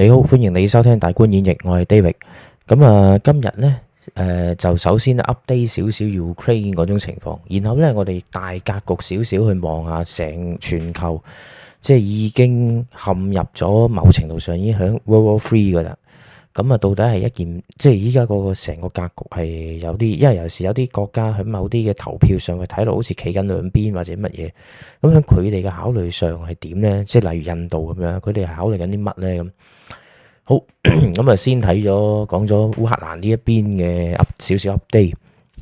你好，歡迎你收聽大觀演繹，我係 David。咁啊，今日呢，誒、呃，就首先 update 少少 Ukraine 嗰種情況，然後呢，我哋大格局少少去望下成全球，即係已經陷入咗某程度上已經響 World War Three 噶啦。咁啊，到底係一件，即係依家嗰個成個格局係有啲，因為有時有啲國家喺某啲嘅投票上，去睇落好似企緊兩邊或者乜嘢。咁喺佢哋嘅考慮上係點呢？即係例如印度咁樣，佢哋考慮緊啲乜呢？咁。好，咁啊，先睇咗講咗烏克蘭呢一邊嘅少少 update，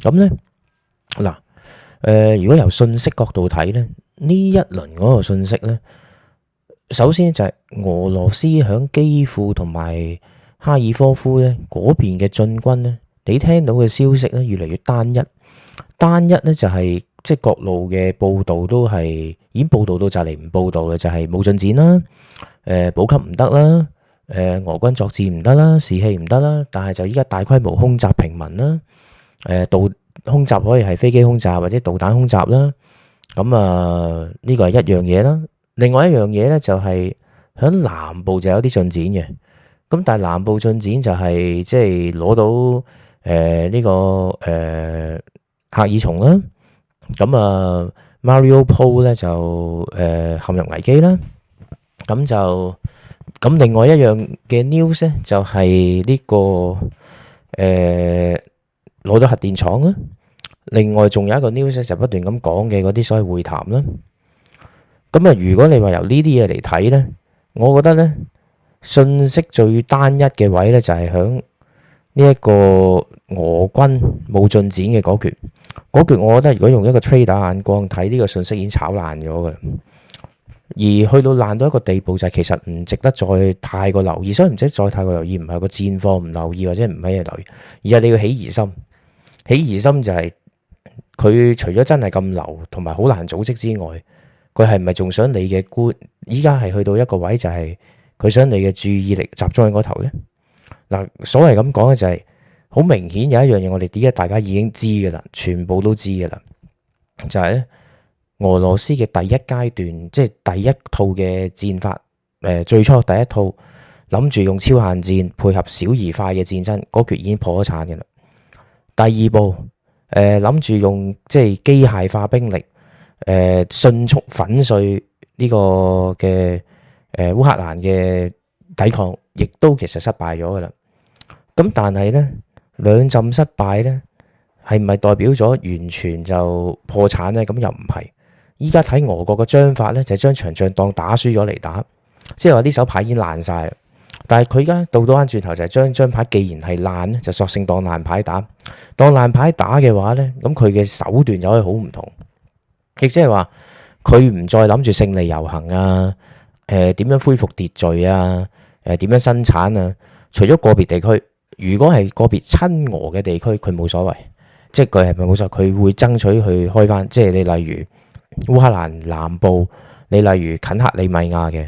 咁咧嗱，誒，如果由信息角度睇咧，呢一輪嗰個信息咧，首先咧就係俄羅斯響基庫同埋哈爾科夫咧嗰邊嘅進軍咧，你聽到嘅消息咧越嚟越單一，單一咧就係即係各路嘅報道都係已經報道到就嚟唔報道啦，就係冇進展啦，誒，補給唔得啦。誒，俄軍作戰唔得啦，士氣唔得啦，但係就依家大規模空襲平民啦，誒，導空襲可以係飛機空襲或者導彈空襲啦，咁啊呢個係一樣嘢啦。另外一樣嘢咧就係響南部就有啲進展嘅，咁但係南部進展就係即係攞到誒呢個誒客爾松啦，咁啊馬里奧波咧就誒陷入危機啦，咁就。咁另外一樣嘅 news 咧，就係呢個誒攞咗核電廠啦。另外仲有一個 news 就不斷咁講嘅嗰啲所謂會談啦。咁啊，如果你話由呢啲嘢嚟睇呢，我覺得呢，信息最單一嘅位呢，就係響呢一個俄軍冇進展嘅嗰橛。嗰橛我覺得如果用一個 trader 眼光睇呢個信息已經炒爛咗嘅。而去到爛到一個地步，就係其實唔值得再太過留意。所以唔值得再太過留意，唔係個戰況唔留意，或者唔係嘢留意。而係你要起疑心，起疑心就係佢除咗真係咁流同埋好難組織之外，佢係咪仲想你嘅官？依家係去到一個位，就係佢想你嘅注意力集中喺個頭呢嗱，所謂咁講嘅就係好明顯有一樣嘢，我哋而家大家已經知噶啦，全部都知噶啦，就係咧。俄羅斯嘅第一階段，即係第一套嘅戰法，誒，最初第一套諗住用超限戰配合小而快嘅戰爭，嗰決已經破咗產嘅啦。第二步，誒諗住用即係機械化兵力，誒迅速粉碎呢個嘅誒烏克蘭嘅抵抗，亦都其實失敗咗嘅啦。咁但係咧兩陣失敗咧，係唔係代表咗完全就破產咧？咁又唔係。依家睇俄國嘅章法咧，就係，將場仗當打輸咗嚟打，即係話呢手牌已經爛晒。但係佢依家到到返轉頭，就係將張牌既然係爛咧，就索性當爛牌打。當爛牌打嘅話咧，咁佢嘅手段就可以好唔同，亦即係話佢唔再諗住勝利遊行啊，誒、呃、點樣恢復秩序啊，誒、呃、點樣生產啊。除咗個別地區，如果係個別親俄嘅地區，佢冇所謂，即係佢係咪冇所謂，佢會爭取去開翻。即係你例如。烏克蘭南部，你例如近克里米亞嘅，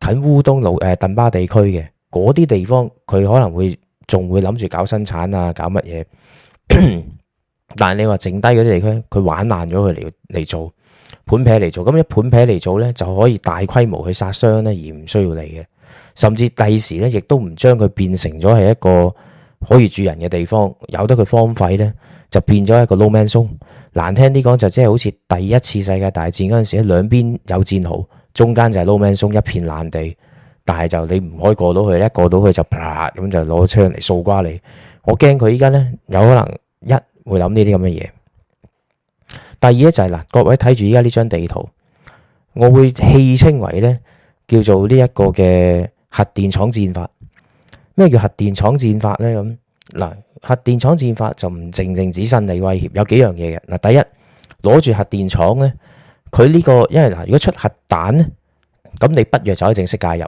近烏東魯誒頓巴地區嘅嗰啲地方，佢可能會仲會諗住搞生產啊，搞乜嘢？但係你話剩低嗰啲地區，佢玩爛咗，佢嚟嚟做盤撇嚟做，咁一盤撇嚟做咧，就可以大規模去殺傷咧，而唔需要嚟嘅，甚至第時咧，亦都唔將佢變成咗係一個可以住人嘅地方，由得佢荒廢咧。就變咗一個 low man zone，難聽啲講就即係好似第一次世界大戰嗰陣時，兩邊有戰壕，中間就係 low man zone 一片爛地，但係就你唔可以過到去，一過到去就啪咁就攞槍嚟掃瓜你。我驚佢依家呢有可能一會諗呢啲咁嘅嘢，第二呢就係嗱，各位睇住依家呢張地圖，我會戲稱為呢叫做呢一個嘅核電廠戰法。咩叫核電廠戰法呢？咁嗱。核電廠戰法就唔淨淨只心理威脅，有幾樣嘢嘅嗱。第一攞住核電廠呢佢呢個因為嗱，如果出核彈咧，咁你北約就可以正式介入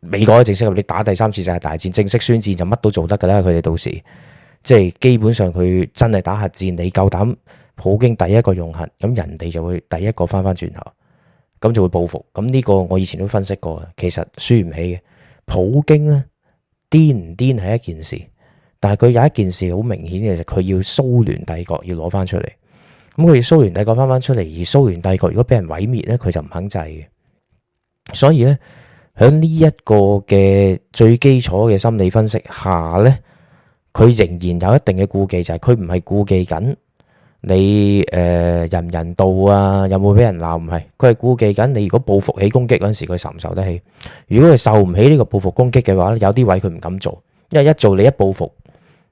美國，可以正式入嚟打第三次世界大戰，正式宣戰就乜都做得噶啦。佢哋到時即係基本上佢真係打核戰，你夠膽普京第一個用核，咁人哋就會第一個翻返轉頭，咁就會報復。咁呢個我以前都分析過，其實輸唔起嘅。普京呢，癲唔癲係一件事。但係佢有一件事好明顯嘅，就佢要蘇聯帝國要攞翻出嚟。咁佢要蘇聯帝國翻翻出嚟，而蘇聯帝國如果俾人毀滅咧，佢就唔肯制嘅。所以咧，響呢一個嘅最基礎嘅心理分析下咧，佢仍然有一定嘅顧忌，就係佢唔係顧忌緊你誒人人道啊，有冇俾人鬧唔係？佢係顧忌緊你如果報復起攻擊嗰陣時，佢受唔受得起？如果佢受唔起呢個報復攻擊嘅話咧，有啲位佢唔敢做，因為一做你一報復。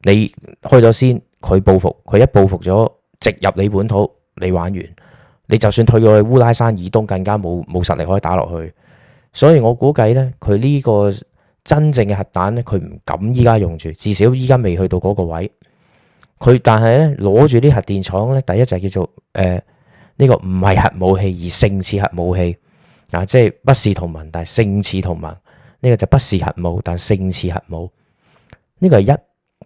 你開咗先，佢報復，佢一報復咗，直入你本土，你玩完。你就算退過去烏拉山以東，更加冇冇實力可以打落去。所以我估計呢，佢呢個真正嘅核彈呢，佢唔敢依家用住，至少依家未去到嗰個位。佢但係呢，攞住啲核電廠呢，第一就係叫做誒呢、呃這個唔係核武器而勝似核武器嗱、啊，即係不是同盟，但係勝似同盟。呢、這個就是不是核武，但勝似核武呢、這個係一。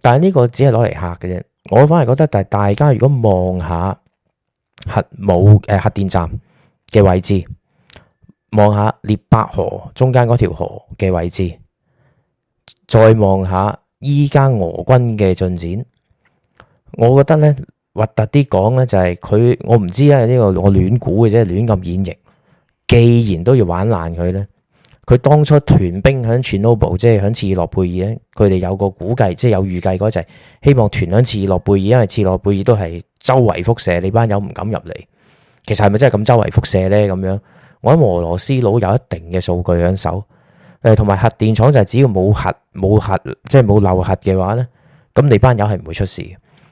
但係呢個只係攞嚟嚇嘅啫，我反而覺得，但係大家如果望下核武誒、呃、核電站嘅位置，望下聶伯河中間嗰條河嘅位置，再望下依家俄軍嘅進展，我覺得咧核突啲講咧就係佢，我唔知啊呢個我亂估嘅啫，亂咁演繹，既然都要玩爛佢咧。佢當初屯兵響全歐部，即係響切爾諾貝爾咧，佢哋有個估計，即係有預計嗰陣，希望屯響切爾諾貝爾，因為切爾諾貝爾都係周圍輻射，你班友唔敢入嚟。其實係咪真係咁周圍輻射咧？咁樣我喺俄羅斯佬有一定嘅數據響手，誒同埋核電廠就係只要冇核冇核，即係冇漏核嘅話咧，咁你班友係唔會出事。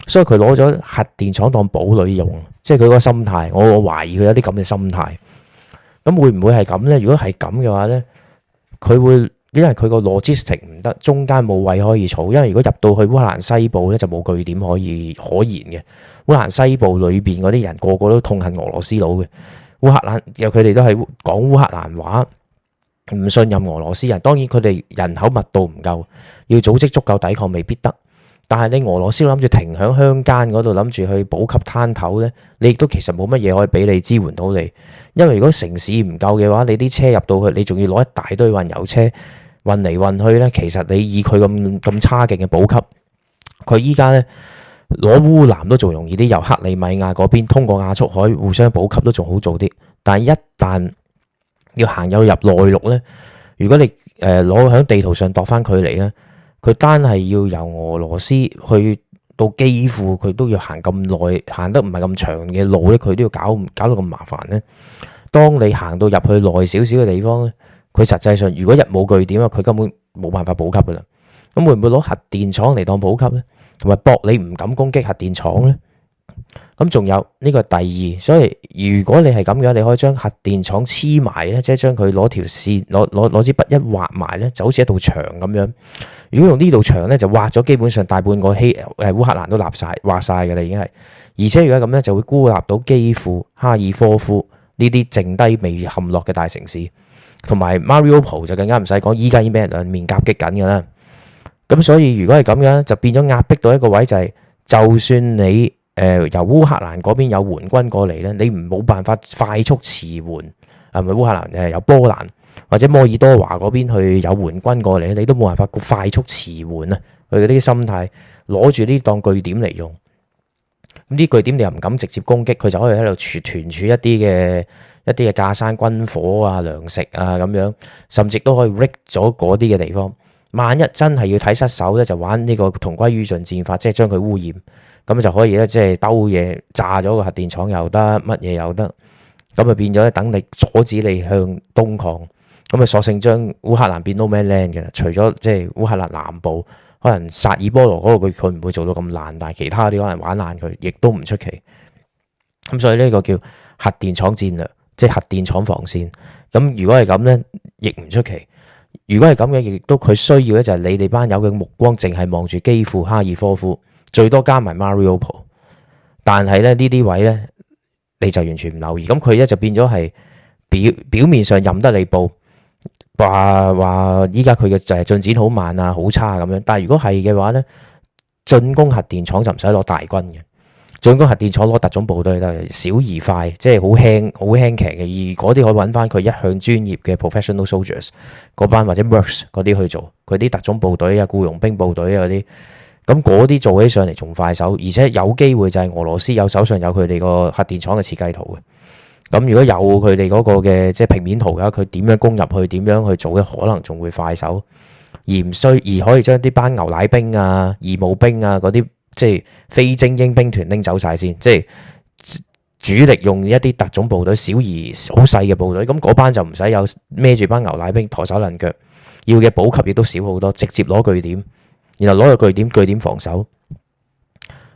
所以佢攞咗核電廠當堡壘用，即係佢個心態，我我懷疑佢有啲咁嘅心態。咁會唔會係咁咧？如果係咁嘅話咧，佢會，因為佢個 logistics 唔得，中間冇位可以儲。因為如果入到去烏克蘭西部咧，就冇據點可以可言嘅。烏克蘭西部裏邊嗰啲人個個都痛恨俄羅斯佬嘅。烏克蘭有佢哋都係講烏克蘭話，唔信任俄羅斯人。當然佢哋人口密度唔夠，要組織足夠抵抗未必得。但係你俄羅斯諗住停喺鄉間嗰度諗住去補給灘頭呢，你亦都其實冇乜嘢可以俾你支援到你。因為如果城市唔夠嘅話，你啲車入到去，你仲要攞一大堆運油車運嚟運去呢。其實你以佢咁咁差勁嘅補給，佢依家呢，攞烏南都仲容易啲，由克里米亞嗰邊通過亞速海互相補給都仲好做啲。但係一旦要行有入內陸呢，如果你誒攞喺地圖上度返距離呢。佢單係要由俄羅斯去到基輔，佢都要行咁耐，行得唔係咁長嘅路咧，佢都要搞搞到咁麻煩咧。當你行到入去耐少少嘅地方咧，佢實際上如果入冇據點啊，佢根本冇辦法補給噶啦。咁會唔會攞核電廠嚟當補給咧？同埋博你唔敢攻擊核電廠咧？咁仲有呢個係第二，所以如果你係咁樣，你可以將核電廠黐埋咧，即係將佢攞條線，攞攞攞支筆一畫埋咧，就好似一道牆咁樣。如果用道呢道牆咧，就挖咗基本上大半個希誒烏克蘭都立晒，挖晒嘅啦，已經係。而且如果咁咧，就會孤立到基輔、哈爾科夫呢啲剩低未陷落嘅大城市，同埋 Mariupol 就更加唔使講，依家已經俾人兩面夾擊緊嘅啦。咁所以如果係咁樣，就變咗壓迫到一個位，就係，就係就算你誒、呃、由烏克蘭嗰邊有援軍過嚟咧，你唔冇辦法快速馳援，係咪烏克蘭誒有波蘭？或者摩爾多華嗰邊去有援軍過嚟，你都冇辦法快速馳援啊。佢嗰啲心態攞住呢檔據點嚟用，呢據點你又唔敢直接攻擊，佢就可以喺度存囤儲一啲嘅一啲嘅架山軍火啊、糧食啊咁樣，甚至都可以搣咗嗰啲嘅地方。萬一真係要睇失手咧，就玩呢個同歸於盡戰法，即係將佢污染咁就可以咧，即係兜嘢炸咗個核電廠又得，乜嘢又得，咁啊變咗咧等你阻止你向東抗。咁啊，索性將烏克蘭變 no man land 嘅，除咗即係烏克蘭南部可能薩爾波羅嗰個佢佢唔會做到咁爛，但係其他啲可能玩爛佢，亦都唔出奇。咁所以呢個叫核電廠戰略，即係核電廠防線。咁如果係咁呢，亦唔出奇。如果係咁嘅，亦都佢需要咧，就係你哋班友嘅目光，淨係望住基輔、哈爾科夫，最多加埋 Mariupol 但係咧呢啲位呢，你就完全唔留意。咁佢一就變咗係表表面上任得你報。話話依家佢嘅就係進展好慢啊，好差咁樣。但係如果係嘅話呢，進攻核電廠就唔使攞大軍嘅。進攻核電廠攞特種部隊，但係小而快，即係好輕好輕騎嘅。而嗰啲可以揾翻佢一向專業嘅 professional soldiers 嗰班或者 merc 嗰啲去做，佢啲特種部隊啊、雇傭兵部隊啊嗰啲，咁嗰啲做起上嚟仲快手，而且有機會就係俄羅斯有手上有佢哋個核電廠嘅設計圖嘅。咁如果有佢哋嗰個嘅即係平面圖嘅話，佢點樣攻入去？點樣去做嘅可能仲會快手，而唔需而可以將啲班牛奶兵啊、義務兵啊嗰啲即係非精英兵團拎走晒先。即係主力用一啲特種部隊小而好細嘅部隊，咁嗰班就唔使有孭住班牛奶兵抬手攔腳，要嘅補給亦都少好多，直接攞據點，然後攞個據點據點防守。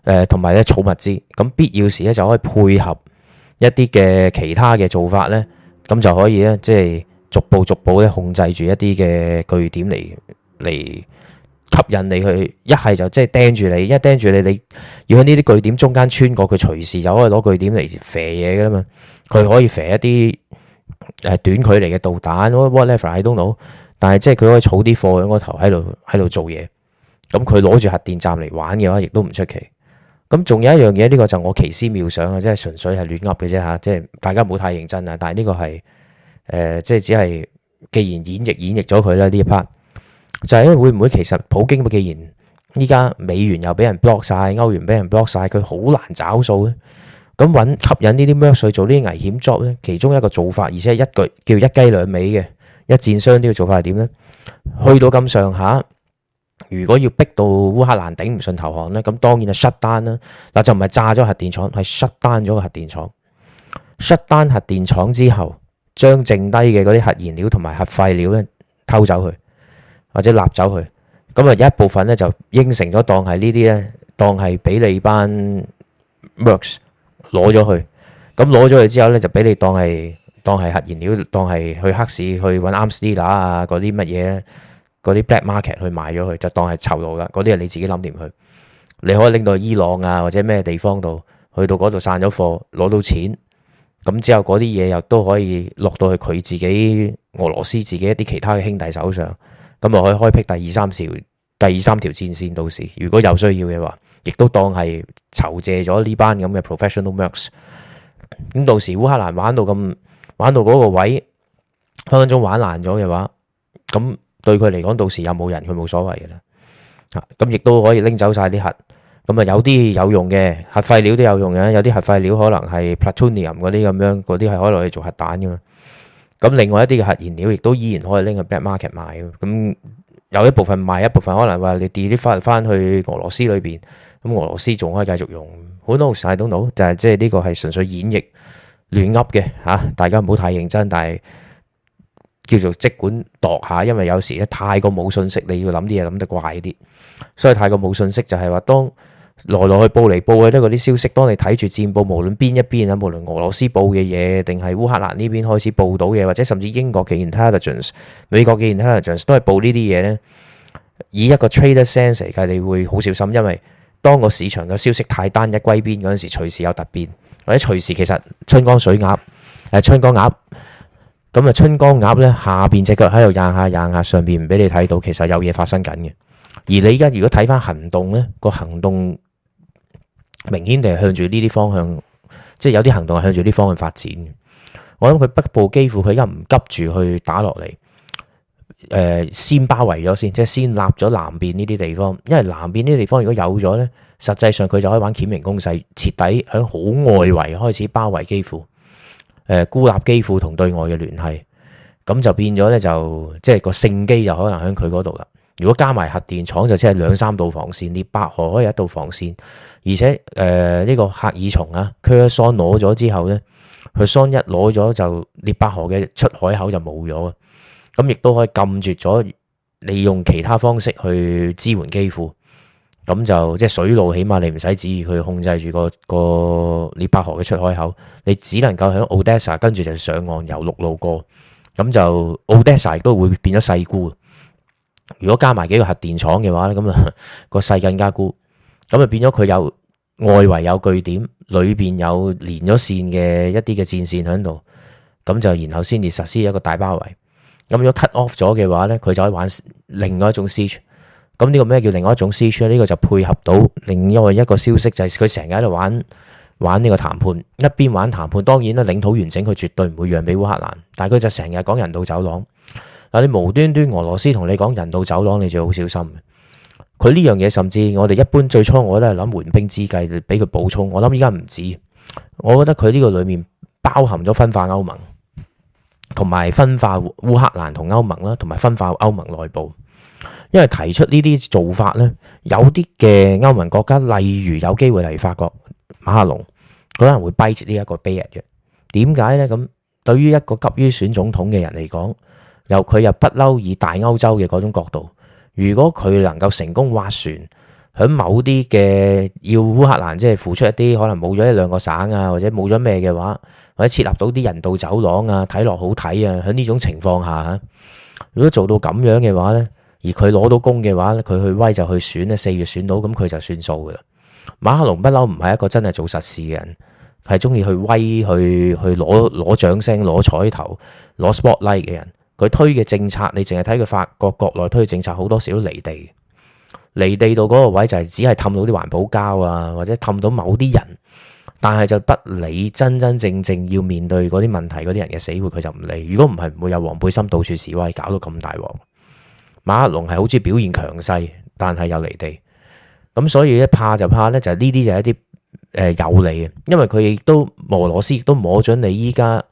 誒，同埋咧儲物資，咁必要時咧就可以配合。一啲嘅其他嘅做法咧，咁就可以咧，即係逐步逐步咧控制住一啲嘅據點嚟嚟吸引你去，一係就即係盯住你，一盯住你，你要喺呢啲據點中間穿過，佢隨時就可以攞據點嚟射嘢㗎啦嘛，佢可以射一啲誒短距離嘅導彈，whatever I don't know，但係即係佢可以儲啲貨喺嗰頭喺度喺度做嘢，咁佢攞住核電站嚟玩嘅話，亦都唔出奇。咁仲有一樣嘢，呢、這個就我奇思妙想啊，即係純粹係亂噏嘅啫吓，即係大家唔好太認真啊。但係呢個係誒、呃，即係只係既然演繹演繹咗佢啦呢一 part，就係、是、會唔會其實普京既然而家美元又畀人 block 晒，歐元俾人 block 晒，佢好難找數咧。咁搵吸引呢啲 mercenary 做呢啲危險作 o 咧，其中一個做法，而且係一句叫一雞兩味嘅一箭雙雕嘅做法係點咧？去到咁上下。如果要逼到烏克蘭頂唔順投降呢，咁當然係 shut down 啦。嗱，就唔係炸咗核電廠，係 shut down 咗個核電廠。shut down 核電廠之後，將剩低嘅嗰啲核燃料同埋核廢料呢偷走去，或者立走去。咁啊一部分呢，就應承咗當係呢啲呢，當係俾你班 mercs 攞咗去。咁攞咗去之後呢，就俾你當係當係核燃料，當係去黑市去搵 arms dealer 啊嗰啲乜嘢。.嗰啲 black market 去賣咗佢，就當係酬勞啦。嗰啲係你自己諗掂去，你可以拎到伊朗啊，或者咩地方度，去到嗰度散咗貨，攞到錢，咁之後嗰啲嘢又都可以落到去佢自己、俄羅斯自己一啲其他嘅兄弟手上，咁就可以開闢第二三條、第二三條戰線。到時如果有需要嘅話，亦都當係籌借咗呢班咁嘅 professional mercs。咁到時烏克蘭玩到咁玩到嗰個位，分分鐘玩爛咗嘅話，咁。對佢嚟講，到時有冇人佢冇所謂嘅啦，咁亦都可以拎走晒啲核，咁、嗯、啊有啲有用嘅核廢料都有用嘅，有啲核廢料可能係 plutonium 嗰啲咁樣，嗰啲係可以攞去做核彈噶嘛。咁、嗯、另外一啲核燃料亦都依然可以拎去 black market 賣，咁、嗯、有一部分賣一部分，可能話你跌啲翻翻去俄羅斯裏邊，咁、嗯、俄羅斯仲可以繼續用，Who knows, I don't know，就係即係呢個係純粹演繹亂噏嘅，吓、啊、大家唔好太認真，但係。叫做即管度下，因為有時咧太過冇信息，你要諗啲嘢諗得怪啲，所以太過冇信息就係、是、話當來來去報嚟報去都嗰啲消息，當你睇住戰報無論邊一邊啊，無論俄羅斯報嘅嘢，定係烏克蘭呢邊開始報到嘅，或者甚至英國嘅 intelligence、美國嘅 intelligence 都係報呢啲嘢咧，以一個 trader sense 嚟計，你會好小心，因為當個市場嘅消息太單一歸邊嗰陣時，隨時有突變或者隨時其實春江水鴨，誒、啊、春江鴨。咁啊，春江鴨咧，下邊隻腳喺度硬下硬下，上邊唔俾你睇到，其實有嘢發生緊嘅。而你依家如果睇翻行動咧，個行動明顯地係向住呢啲方向，即係有啲行動係向住呢方向發展。我諗佢北部基輔，佢依家唔急住去打落嚟，誒、呃、先包圍咗先，即係先立咗南邊呢啲地方。因為南邊呢啲地方如果有咗咧，實際上佢就可以玩鉗形攻勢，徹底喺好外圍開始包圍基輔。誒、呃、孤立基庫同對外嘅聯繫，咁就變咗咧，就即係個勝機就可能喺佢嗰度啦。如果加埋核電廠，就即係兩三道防線，聶伯河可以有一道防線，而且誒呢、呃這個赫爾松啊，佢一喪攞咗之後咧，佢喪一攞咗就聶伯河嘅出海口就冇咗，咁亦都可以禁絕咗，利用其他方式去支援基庫。咁就即係水路，起碼你唔使旨意去控制住個個聶伯河嘅出海口，你只能夠響 Odessa 跟住就上岸由陸路過，咁就 Odessa 都會變咗細孤。如果加埋幾個核電廠嘅話咧，咁、那、啊個細更加孤。咁啊變咗佢有外圍有據點，裏邊有連咗線嘅一啲嘅戰線響度。咁就然後先至實施一個大包圍，咁如果 cut off 咗嘅話咧，佢就可以玩另外一種 siege。咁呢個咩叫另外一種思川呢？呢、呢個就配合到另外一個消息就係佢成日喺度玩玩呢個談判，一邊玩談判，當然啦領土完整佢絕對唔會讓俾烏克蘭，但係佢就成日講人道走廊。嗱，你無端端俄羅斯同你講人道走廊，你就好小心。佢呢樣嘢甚至我哋一般最初我都係諗緩兵之計，俾佢補充。我諗依家唔止，我覺得佢呢個裏面包含咗分化歐盟，同埋分化烏克蘭同歐盟啦，同埋分化歐盟內部。因為提出呢啲做法呢，有啲嘅歐盟國家，例如有機會嚟法國馬克龍，可能會跛折呢一個碑嘅。點解呢？咁對於一個急於選總統嘅人嚟講，由佢又不嬲以大歐洲嘅嗰種角度，如果佢能夠成功劃船，喺某啲嘅要烏克蘭即係付出一啲可能冇咗一兩個省啊，或者冇咗咩嘅話，或者設立到啲人道走廊啊，睇落好睇啊，喺呢種情況下嚇，如果做到咁樣嘅話呢。而佢攞到工嘅話，佢去威就去選咧。四月選到咁，佢就算數噶啦。馬克龍不嬲唔係一個真係做實事嘅人，係中意去威、去去攞攞掌聲、攞彩頭、攞 spotlight 嘅人。佢推嘅政策，你淨係睇佢法國國內推嘅政策，好多時都離地。離地到嗰個位就係只係氹到啲環保膠啊，或者氹到某啲人，但係就不理真真正正要面對嗰啲問題嗰啲人嘅死活，佢就唔理。如果唔係，唔會有黃背心到處示威，搞到咁大鑊。馬克龍係好似表現強勢，但係又離地，咁所以一怕就怕咧，就係呢啲就係一啲誒有利嘅，因為佢亦都俄羅斯亦都摸準你依家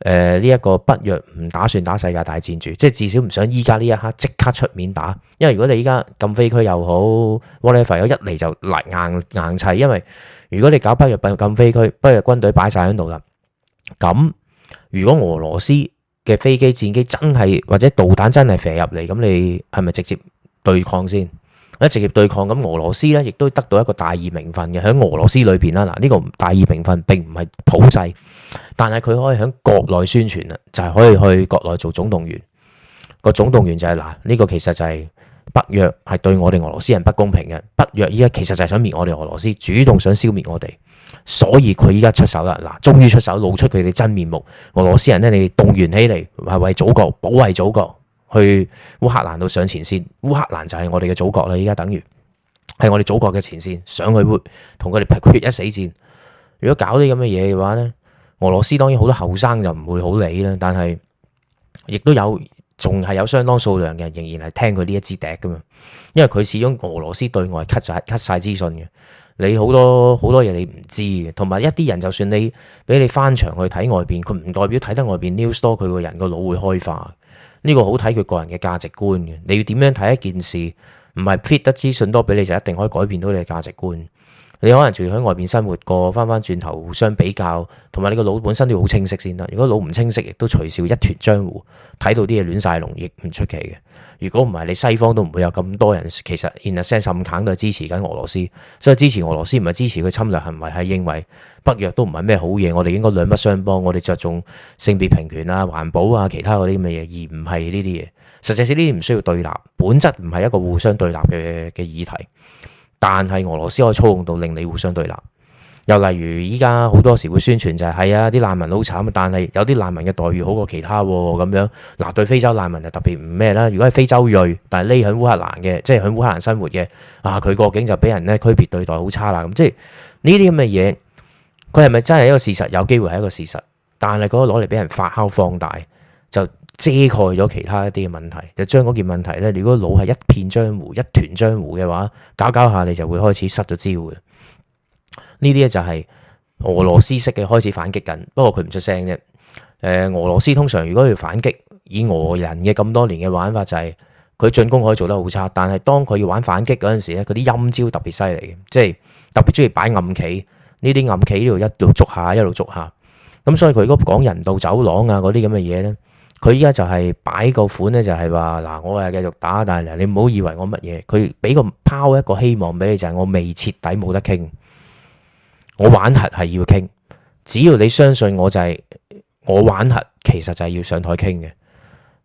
誒呢一個北約唔打算打世界大戰住，即係至少唔想依家呢一刻即刻出面打，因為如果你依家禁飛區又好，whatever 一嚟就嚟硬硬砌，因為如果你搞北約禁禁飛區，北約軍隊擺晒喺度啦，咁如果俄羅斯。嘅飛機戰機真係或者導彈真係射入嚟，咁你係咪直接對抗先？一直接對抗，咁俄羅斯呢亦都得到一個大義名分嘅。喺俄羅斯裏邊啦，嗱、這、呢個大義名分並唔係普世，但係佢可以喺國內宣傳啦，就係、是、可以去國內做總動員。個總動員就係、是、嗱，呢個其實就係北約係對我哋俄羅斯人不公平嘅。北約依家其實就係想滅我哋俄羅斯，主動想消滅我哋。所以佢依家出手啦！嗱，終於出手，露出佢哋真面目。俄羅斯人呢，你動員起嚟係為祖國保衛祖國，去烏克蘭度上前線。烏克蘭就係我哋嘅祖國啦，依家等於係我哋祖國嘅前線，上去會同佢哋血一死戰。如果搞啲咁嘅嘢嘅話呢，俄羅斯當然好多後生就唔會好理啦，但係亦都有，仲係有相當數量嘅人仍然係聽佢呢一支笛噶嘛。因為佢始終俄羅斯對外 cut 晒 cut 晒資訊嘅。你好多好多嘢你唔知嘅，同埋一啲人就算你俾你翻牆去睇外邊，佢唔代表睇得外邊 news 多，佢個人個腦會開化。呢個好睇佢個人嘅價值觀嘅。你要點樣睇一件事，唔係 feed 得資訊多俾你就一定可以改變到你嘅價值觀。你可能住喺外邊生活過，翻翻轉頭互相比較，同埋你個腦本身都要好清晰先得。如果腦唔清晰，亦都除少一團漿糊，睇到啲嘢亂晒龍，亦唔出奇嘅。如果唔係，你西方都唔會有咁多人，其實 in a sense 甚至都係支持緊俄羅斯，所以支持俄羅斯唔係支持佢侵略行為，係認為北約都唔係咩好嘢，我哋應該兩不相幫，我哋着重性別平權啊、環保啊、其他嗰啲乜嘢，而唔係呢啲嘢。實際上呢啲唔需要對立，本質唔係一個互相對立嘅嘅議題，但係俄羅斯可以操控到令你互相對立。又例如依家好多時會宣傳就係係啊啲難民好慘啊，但係有啲難民嘅待遇好過其他咁樣。嗱、啊，對非洲難民就特別唔咩啦。如果係非洲裔，但係匿喺烏克蘭嘅，即係喺烏克蘭生活嘅，啊，佢個境就俾人咧區別對待好差啦。咁即係呢啲咁嘅嘢，佢係咪真係一個事實？有機會係一個事實，但係佢攞嚟俾人發酵放大，就遮蓋咗其他一啲嘅問題，就將嗰件問題呢，如果腦係一片漿糊，一團漿糊嘅話，搞搞下你就會開始失咗焦嘅。呢啲咧就係俄羅斯式嘅開始反擊緊，不過佢唔出聲啫。誒、呃，俄羅斯通常如果要反擊，以俄人嘅咁多年嘅玩法就係、是、佢進攻可以做得好差，但係當佢要玩反擊嗰陣時咧，佢啲陰招特別犀利嘅，即係特別中意擺暗棋。呢啲暗棋呢度一路捉下，一路捉下。咁所以佢如果講人道走廊啊嗰啲咁嘅嘢咧，佢依家就係擺個款咧，就係話嗱，我係繼續打，但係你唔好以為我乜嘢。佢俾個拋一個希望俾你，就係、是、我未徹底冇得傾。我玩核係要傾，只要你相信我就係我玩核，其實就係要上台傾嘅。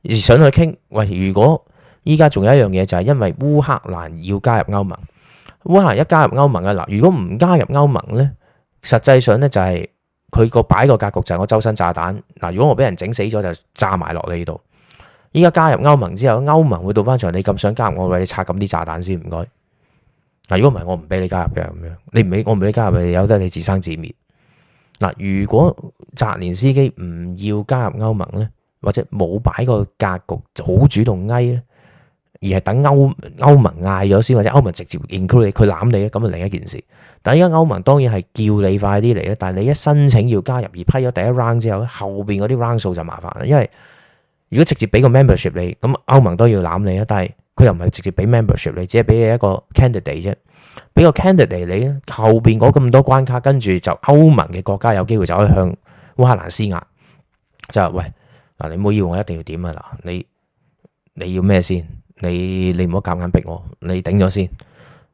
而上去傾，喂，如果依家仲有一樣嘢就係，因為烏克蘭要加入歐盟，烏克蘭一加入歐盟嘅嗱，如果唔加入歐盟咧，實際上咧就係佢個擺個格局就係我周身炸彈嗱，如果我俾人整死咗就炸埋落你度。依家加入歐盟之後，歐盟會倒翻場，你咁想加入我，為你拆咁啲炸彈先，唔該。嗱，如果唔係我唔俾你加入嘅咁樣，你唔俾我唔俾你加入咪有得你自生自滅。嗱，如果澤連斯基唔要加入歐盟咧，或者冇擺個格局好主動嗌咧，而係等歐歐盟嗌咗先，或者歐盟直接 include 你，佢攬你咧，咁就另一件事。但係依家歐盟當然係叫你快啲嚟咧，但係你一申請要加入而批咗第一 round 之後咧，後邊嗰啲 round 數就麻煩啦，因為如果直接俾個 membership 你，咁歐盟都要攬你啊，但係。佢又唔係直接俾 membership，你只係俾你一個 candidate 啫。俾個 candidate 你咧，後邊嗰咁多關卡，跟住就歐盟嘅國家有機會就可以向烏克蘭施壓，就係喂嗱，你唔好要我一定要點啊，嗱，你你要咩先？你你唔好夾硬逼我，你頂咗先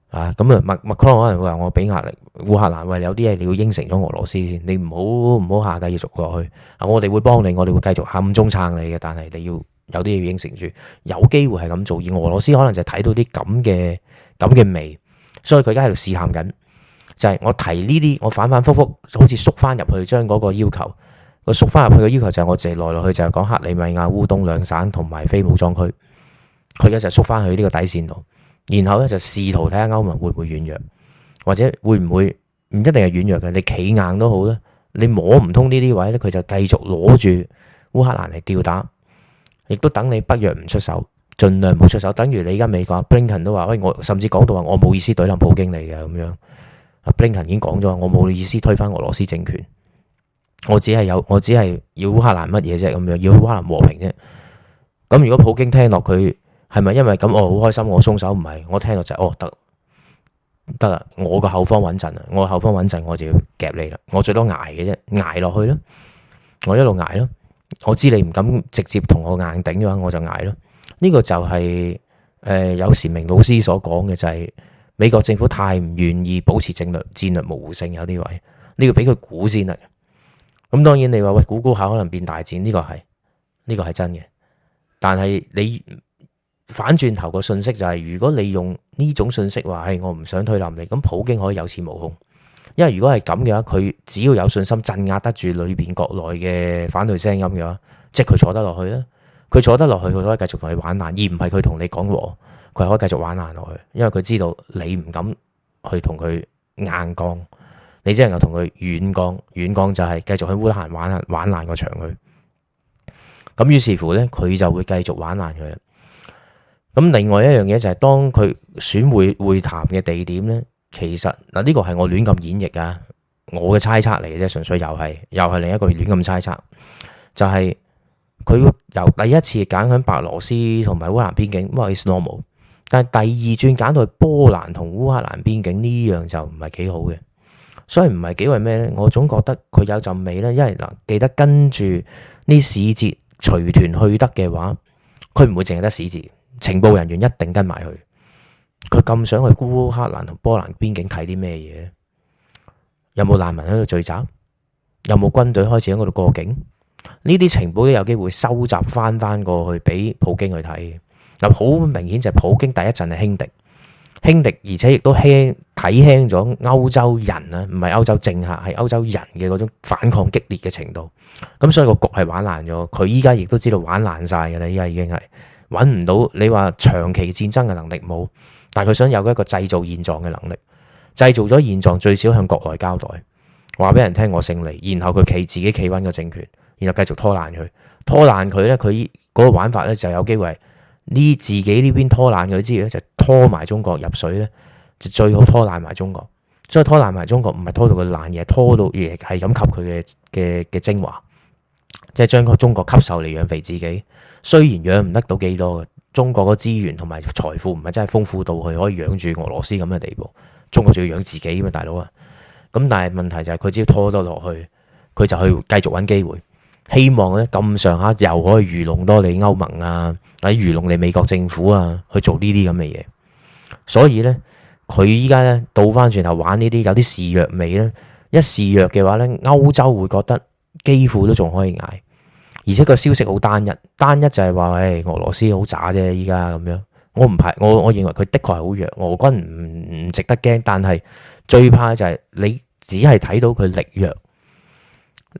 啊。咁啊，麥麥克隆可能會話我俾壓力烏克蘭，話有啲嘢你要應承咗俄羅斯先，你唔好唔好下底續落去。啊，我哋會幫你，我哋會繼續暗中撐你嘅，但係你要。有啲嘢應承住，有機會係咁做。而俄羅斯可能就睇到啲咁嘅咁嘅味，所以佢而家喺度試探緊，就係、是、我提呢啲，我反反复覆好似縮翻入去，將嗰個要求個縮翻入去嘅要求就係我直來來去就係、是、講克里米亞、烏東兩省同埋非武裝區。佢而家就縮翻去呢個底線度，然後咧就試圖睇下歐盟會唔會軟弱，或者會唔會唔一定係軟弱嘅。你企硬都好啦，你摸唔通呢啲位咧，佢就繼續攞住烏克蘭嚟吊打。亦都等你北約不若唔出手，盡量唔好出手。等於你而家美國啊、Blinken 都話，喂，我甚至講到話，我冇意思懟冧普京嚟嘅咁樣。啊、Blinken 已經講咗，我冇意思推翻俄羅斯政權，我只係有，我只係要烏克蘭乜嘢啫，咁樣要烏克蘭和平啫。咁如果普京聽落，佢係咪因為咁我好開心，我鬆手唔係，我聽落就是、哦得得啦，我個後方穩陣啊，我後方穩陣，我就要夾你啦，我最多挨嘅啫，挨落去啦，我一路挨咯。我知你唔敢直接同我硬頂嘅話，我就挨咯。呢、這個就係、是、誒、呃，有時明老師所講嘅就係、是、美國政府太唔願意保持戰略戰略模糊性，有啲位呢、這個俾佢估先得。咁、嗯、當然你話喂，估估下可能變大戰，呢、這個係呢、這個係真嘅。但係你反轉頭個信息就係、是，如果你用呢種信息話，係我唔想推冧你咁普京可以有恃無恐。因為如果係咁嘅話，佢只要有信心鎮壓得住裏邊國內嘅反對聲音嘅話，即係佢坐得落去啦。佢坐得落去，佢可以繼續同你玩爛，而唔係佢同你講和，佢可以繼續玩爛落去。因為佢知道你唔敢去同佢硬剛，你只能夠同佢軟剛。軟剛就係繼續喺烏克蘭玩啊，玩爛個場去。咁於是乎呢，佢就會繼續玩爛佢。咁另外一樣嘢就係、是、當佢選會會談嘅地點呢。其實嗱，呢個係我亂咁演繹啊，我嘅猜測嚟嘅啫，純粹又係又係另一個亂咁猜測，就係、是、佢由第一次揀響白俄羅斯同埋烏克蘭邊境，因為是 normal，但係第二轉揀到去波蘭同烏克蘭邊境呢樣就唔係幾好嘅，所以唔係幾為咩呢？我總覺得佢有陣味呢，因為嗱，記得跟住呢使節隨團去得嘅話，佢唔會淨係得使節，情報人員一定跟埋去。佢咁想去烏克蘭同波蘭邊境睇啲咩嘢？有冇難民喺度聚集？有冇軍隊開始喺嗰度過境？呢啲情報都有機會收集翻翻過去俾普京去睇。嗱，好明顯就係普京第一陣係輕敵，輕敵而且亦都輕睇輕咗歐洲人啦，唔係歐洲政客，係歐洲人嘅嗰種反抗激烈嘅程度。咁所以個局係玩爛咗，佢依家亦都知道玩爛晒㗎啦。依家已經係揾唔到，你話長期戰爭嘅能力冇。但佢想有嘅一個製造現狀嘅能力，製造咗現狀最少向國內交代，話俾人聽我勝利，然後佢企自己企穩個政權，然後繼續拖爛佢，拖爛佢咧，佢嗰個玩法咧就有機會呢自己呢邊拖爛佢之餘咧就拖埋中國入水咧，就最好拖爛埋中國。所以拖爛埋中國唔係拖到佢爛，嘢，拖到而係咁吸佢嘅嘅嘅精華，即係將個中國吸收嚟養肥自己。雖然養唔得到幾多嘅。中國嘅資源同埋財富唔係真係豐富到去可以養住俄羅斯咁嘅地步，中國仲要養自己嘛大佬啊！咁但係問題就係佢只要拖多落去，佢就去繼續揾機會，希望呢，咁上下又可以愚弄多你歐盟啊，或者愚弄你美國政府啊，去做呢啲咁嘅嘢。所以呢，佢依家呢倒翻轉頭玩呢啲有啲示弱味呢。一示弱嘅話呢，歐洲會覺得幾乎都仲可以捱。而且個消息好單一，單一就係話：誒、哎，俄羅斯好渣啫！依家咁樣，我唔排我，我認為佢的確係好弱，俄軍唔值得驚。但係最怕就係你只係睇到佢力弱，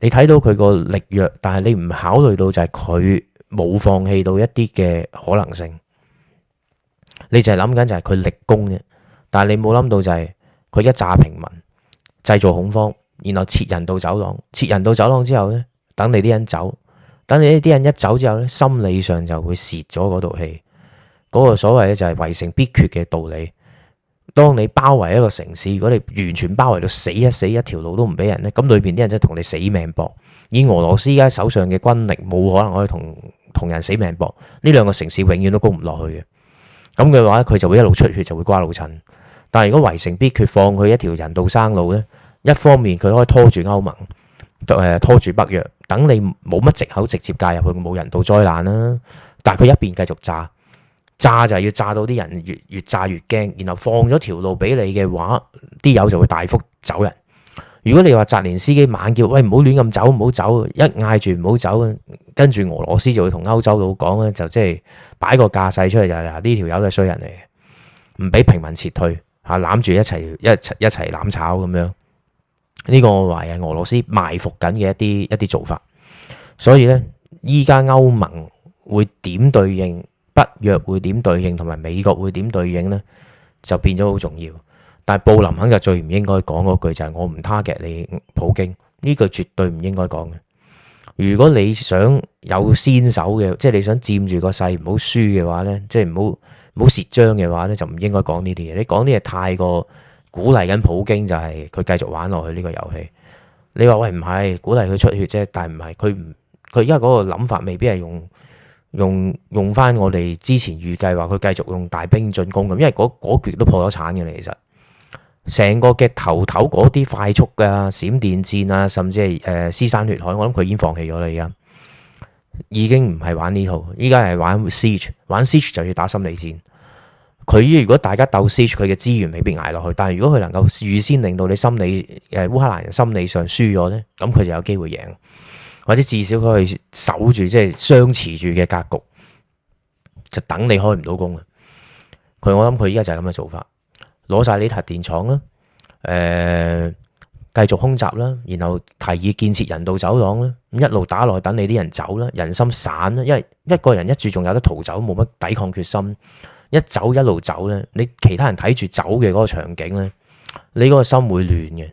你睇到佢個力弱，但係你唔考慮到就係佢冇放棄到一啲嘅可能性，你就係諗緊就係佢力攻啫。但係你冇諗到就係佢一炸平民，製造恐慌，然後撤人到走廊，撤人到走廊之後呢，等你啲人走。等你呢啲人一走之後咧，心理上就會蝕咗嗰道氣，嗰個所謂咧就係圍城必決嘅道理。當你包圍一個城市，如果你完全包圍到死一死，一條路都唔俾人咧，咁裏邊啲人就同你死命搏。以俄羅斯而家手上嘅軍力，冇可能可以同同人死命搏。呢兩個城市永遠都攻唔落去嘅。咁嘅話，佢就會一路出血，就會瓜老襯。但係如果圍城必決，放佢一條人道生路咧，一方面佢可以拖住歐盟。拖住北約，等你冇乜借口，直接介入去冇人道災難啦。但係佢一邊繼續炸，炸就係要炸到啲人越越炸越驚，然後放咗條路俾你嘅話，啲友就會大幅走人。如果你話澤連斯基猛叫喂，唔好亂咁走，唔好走，一嗌住唔好走，跟住俄羅斯就會同歐洲佬講咧，就即係擺個架勢出嚟，就呀呢條友係衰人嚟嘅，唔俾平民撤退吓，攬住一齊一一齊攬炒咁樣。呢個我話係俄羅斯埋伏緊嘅一啲一啲做法，所以呢，依家歐盟會點對應，北約會點對應，同埋美國會點對應呢？就變咗好重要。但係布林肯就最唔應該講嗰句就係我唔 target 你普京呢句絕對唔應該講嘅。如果你想有先手嘅，即係你想佔住個勢唔好輸嘅話呢，即係唔好唔好蝕章嘅話呢，就唔應該講呢啲嘢。你講啲嘢太過。鼓勵緊普京就係佢繼續玩落去呢、呢個遊戲。你話喂，唔係鼓勵佢出血啫，但唔係佢佢依家嗰個諗法未必係用用用翻我哋之前預計話佢繼續用大兵進攻咁，因為嗰橛、嗰個、都破咗產嘅啦。其實成個嘅頭頭嗰啲快速嘅、啊、閃電戰啊，甚至係誒屍山血海，我諗佢已經放棄咗啦。而家已經唔係玩呢套，依家係玩 siege，玩 siege 就要打心理戰。佢如果大家鬥 search 佢嘅資源，未必捱落去。但係如果佢能夠預先令到你心理誒，烏克蘭人心理上輸咗呢，咁佢就有機會贏，或者至少佢係守住即係相持住嘅格局，就等你開唔到工。啊！佢我諗佢依家就係咁嘅做法，攞晒呢核電廠啦，誒、呃，繼續空襲啦，然後提議建設人道走廊啦，一路打落去，等你啲人走啦，人心散啦，因為一個人一住仲有得逃走，冇乜抵抗決心。一走一路走咧，你其他人睇住走嘅嗰個場景咧，你嗰個心會亂嘅，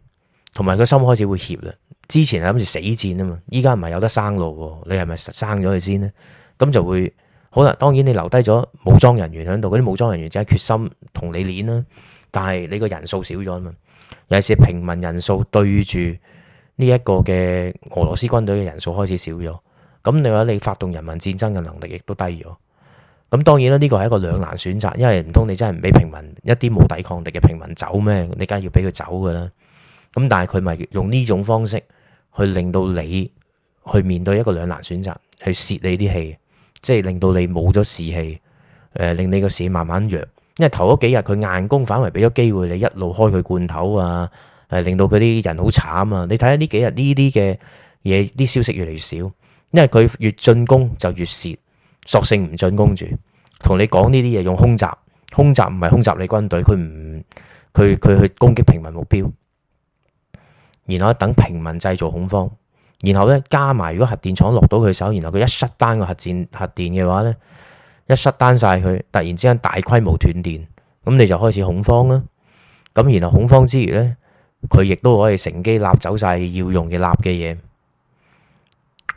同埋個心開始會怯啦。之前係諗住死戰啊嘛，依家唔係有得生路，你係咪生咗佢先呢，咁就會好啦。當然你留低咗武裝人員響度，嗰啲武裝人員就係決心同你練啦。但係你個人數少咗啊嘛，尤其是平民人數對住呢一個嘅俄羅斯軍隊嘅人數開始少咗，咁你話你發動人民戰爭嘅能力亦都低咗。咁當然啦，呢個係一個兩難選擇，因為唔通你真係唔俾平民一啲冇抵抗力嘅平民走咩？你梗係要俾佢走噶啦。咁但係佢咪用呢種方式去令到你去面對一個兩難選擇，去泄你啲氣，即係令到你冇咗士氣，誒令你個士慢慢弱。因為頭嗰幾日佢硬攻反為俾咗機會你一路開佢罐頭啊，誒令到佢啲人好慘啊！你睇下呢幾日呢啲嘅嘢，啲消息越嚟越少，因為佢越進攻就越泄。索性唔進攻住，同你講呢啲嘢用空襲，空襲唔係空襲你軍隊，佢唔佢佢去攻擊平民目標，然後等平民製造恐慌，然後咧加埋如果核電廠落到佢手，然後佢一失單個核戰核電嘅話咧，一失單晒，佢，突然之間大規模斷電，咁你就開始恐慌啦。咁然後恐慌之餘咧，佢亦都可以乘機立走晒要用嘅立嘅嘢。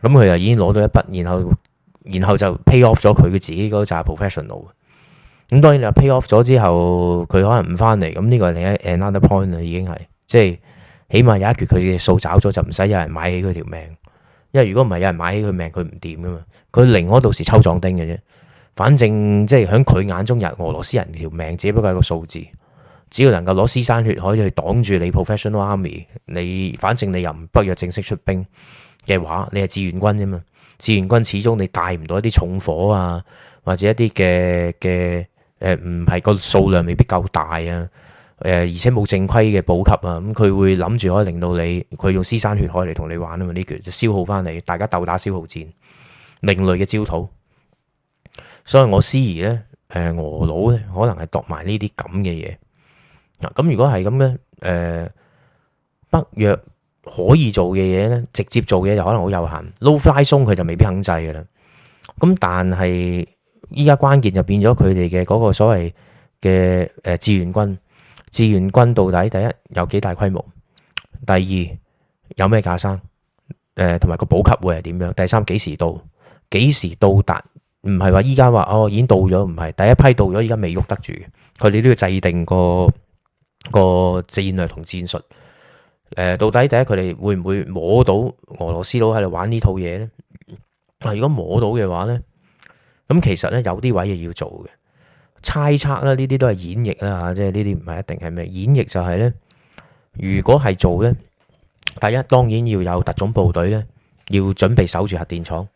咁佢就已經攞到一筆，然後。然後就 pay off 咗佢嘅自己嗰扎 professional。咁當然你話 pay off 咗之後，佢可能唔返嚟，咁、這、呢個係另一個 another point 啦，已經係即係起碼有一決佢嘅數找咗，就唔使有人買起佢條命，因為如果唔係有人買起佢命，佢唔掂㗎嘛。佢寧可到時抽壯丁嘅啫，反正即係喺佢眼中，日俄羅斯人條命只不過係個數字，只要能夠攞屍山血可以去擋住你 professional army，你反正你又唔不若正式出兵嘅話，你係志願軍啫嘛。志願軍始終你帶唔到一啲重火啊，或者一啲嘅嘅誒，唔係個數量未必夠大啊，誒、呃、而且冇正規嘅補給啊，咁佢會諗住可以令到你佢用屍山血海嚟同你玩啊嘛，呢句就消耗翻你，大家鬥打消耗戰，另類嘅焦土。所以我思疑咧，誒、呃、俄佬咧，可能係度埋呢啲咁嘅嘢。嗱、啊，咁如果係咁咧，誒、呃、北約。可以做嘅嘢咧，直接做嘢就可能好有限。No-fly zone 佢就未必肯制噶啦。咁但係依家關鍵就變咗佢哋嘅嗰個所謂嘅誒、志願軍，志願軍到底第一有幾大規模，第二有咩架生，誒、同埋個補給會係點樣？第三幾時到？幾時到達？唔係話依家話哦已經到咗，唔係第一批到咗，依家未喐得住。佢哋都要制定個個戰略同戰術。誒，到底第一佢哋會唔會摸到俄羅斯佬喺度玩呢套嘢咧？嗱，如果摸到嘅話咧，咁其實咧有啲位要做嘅猜測啦，呢啲都係演繹啦吓，即係呢啲唔係一定係咩演繹就係、是、咧，如果係做咧，第一當然要有特種部隊咧，要準備守住核電廠，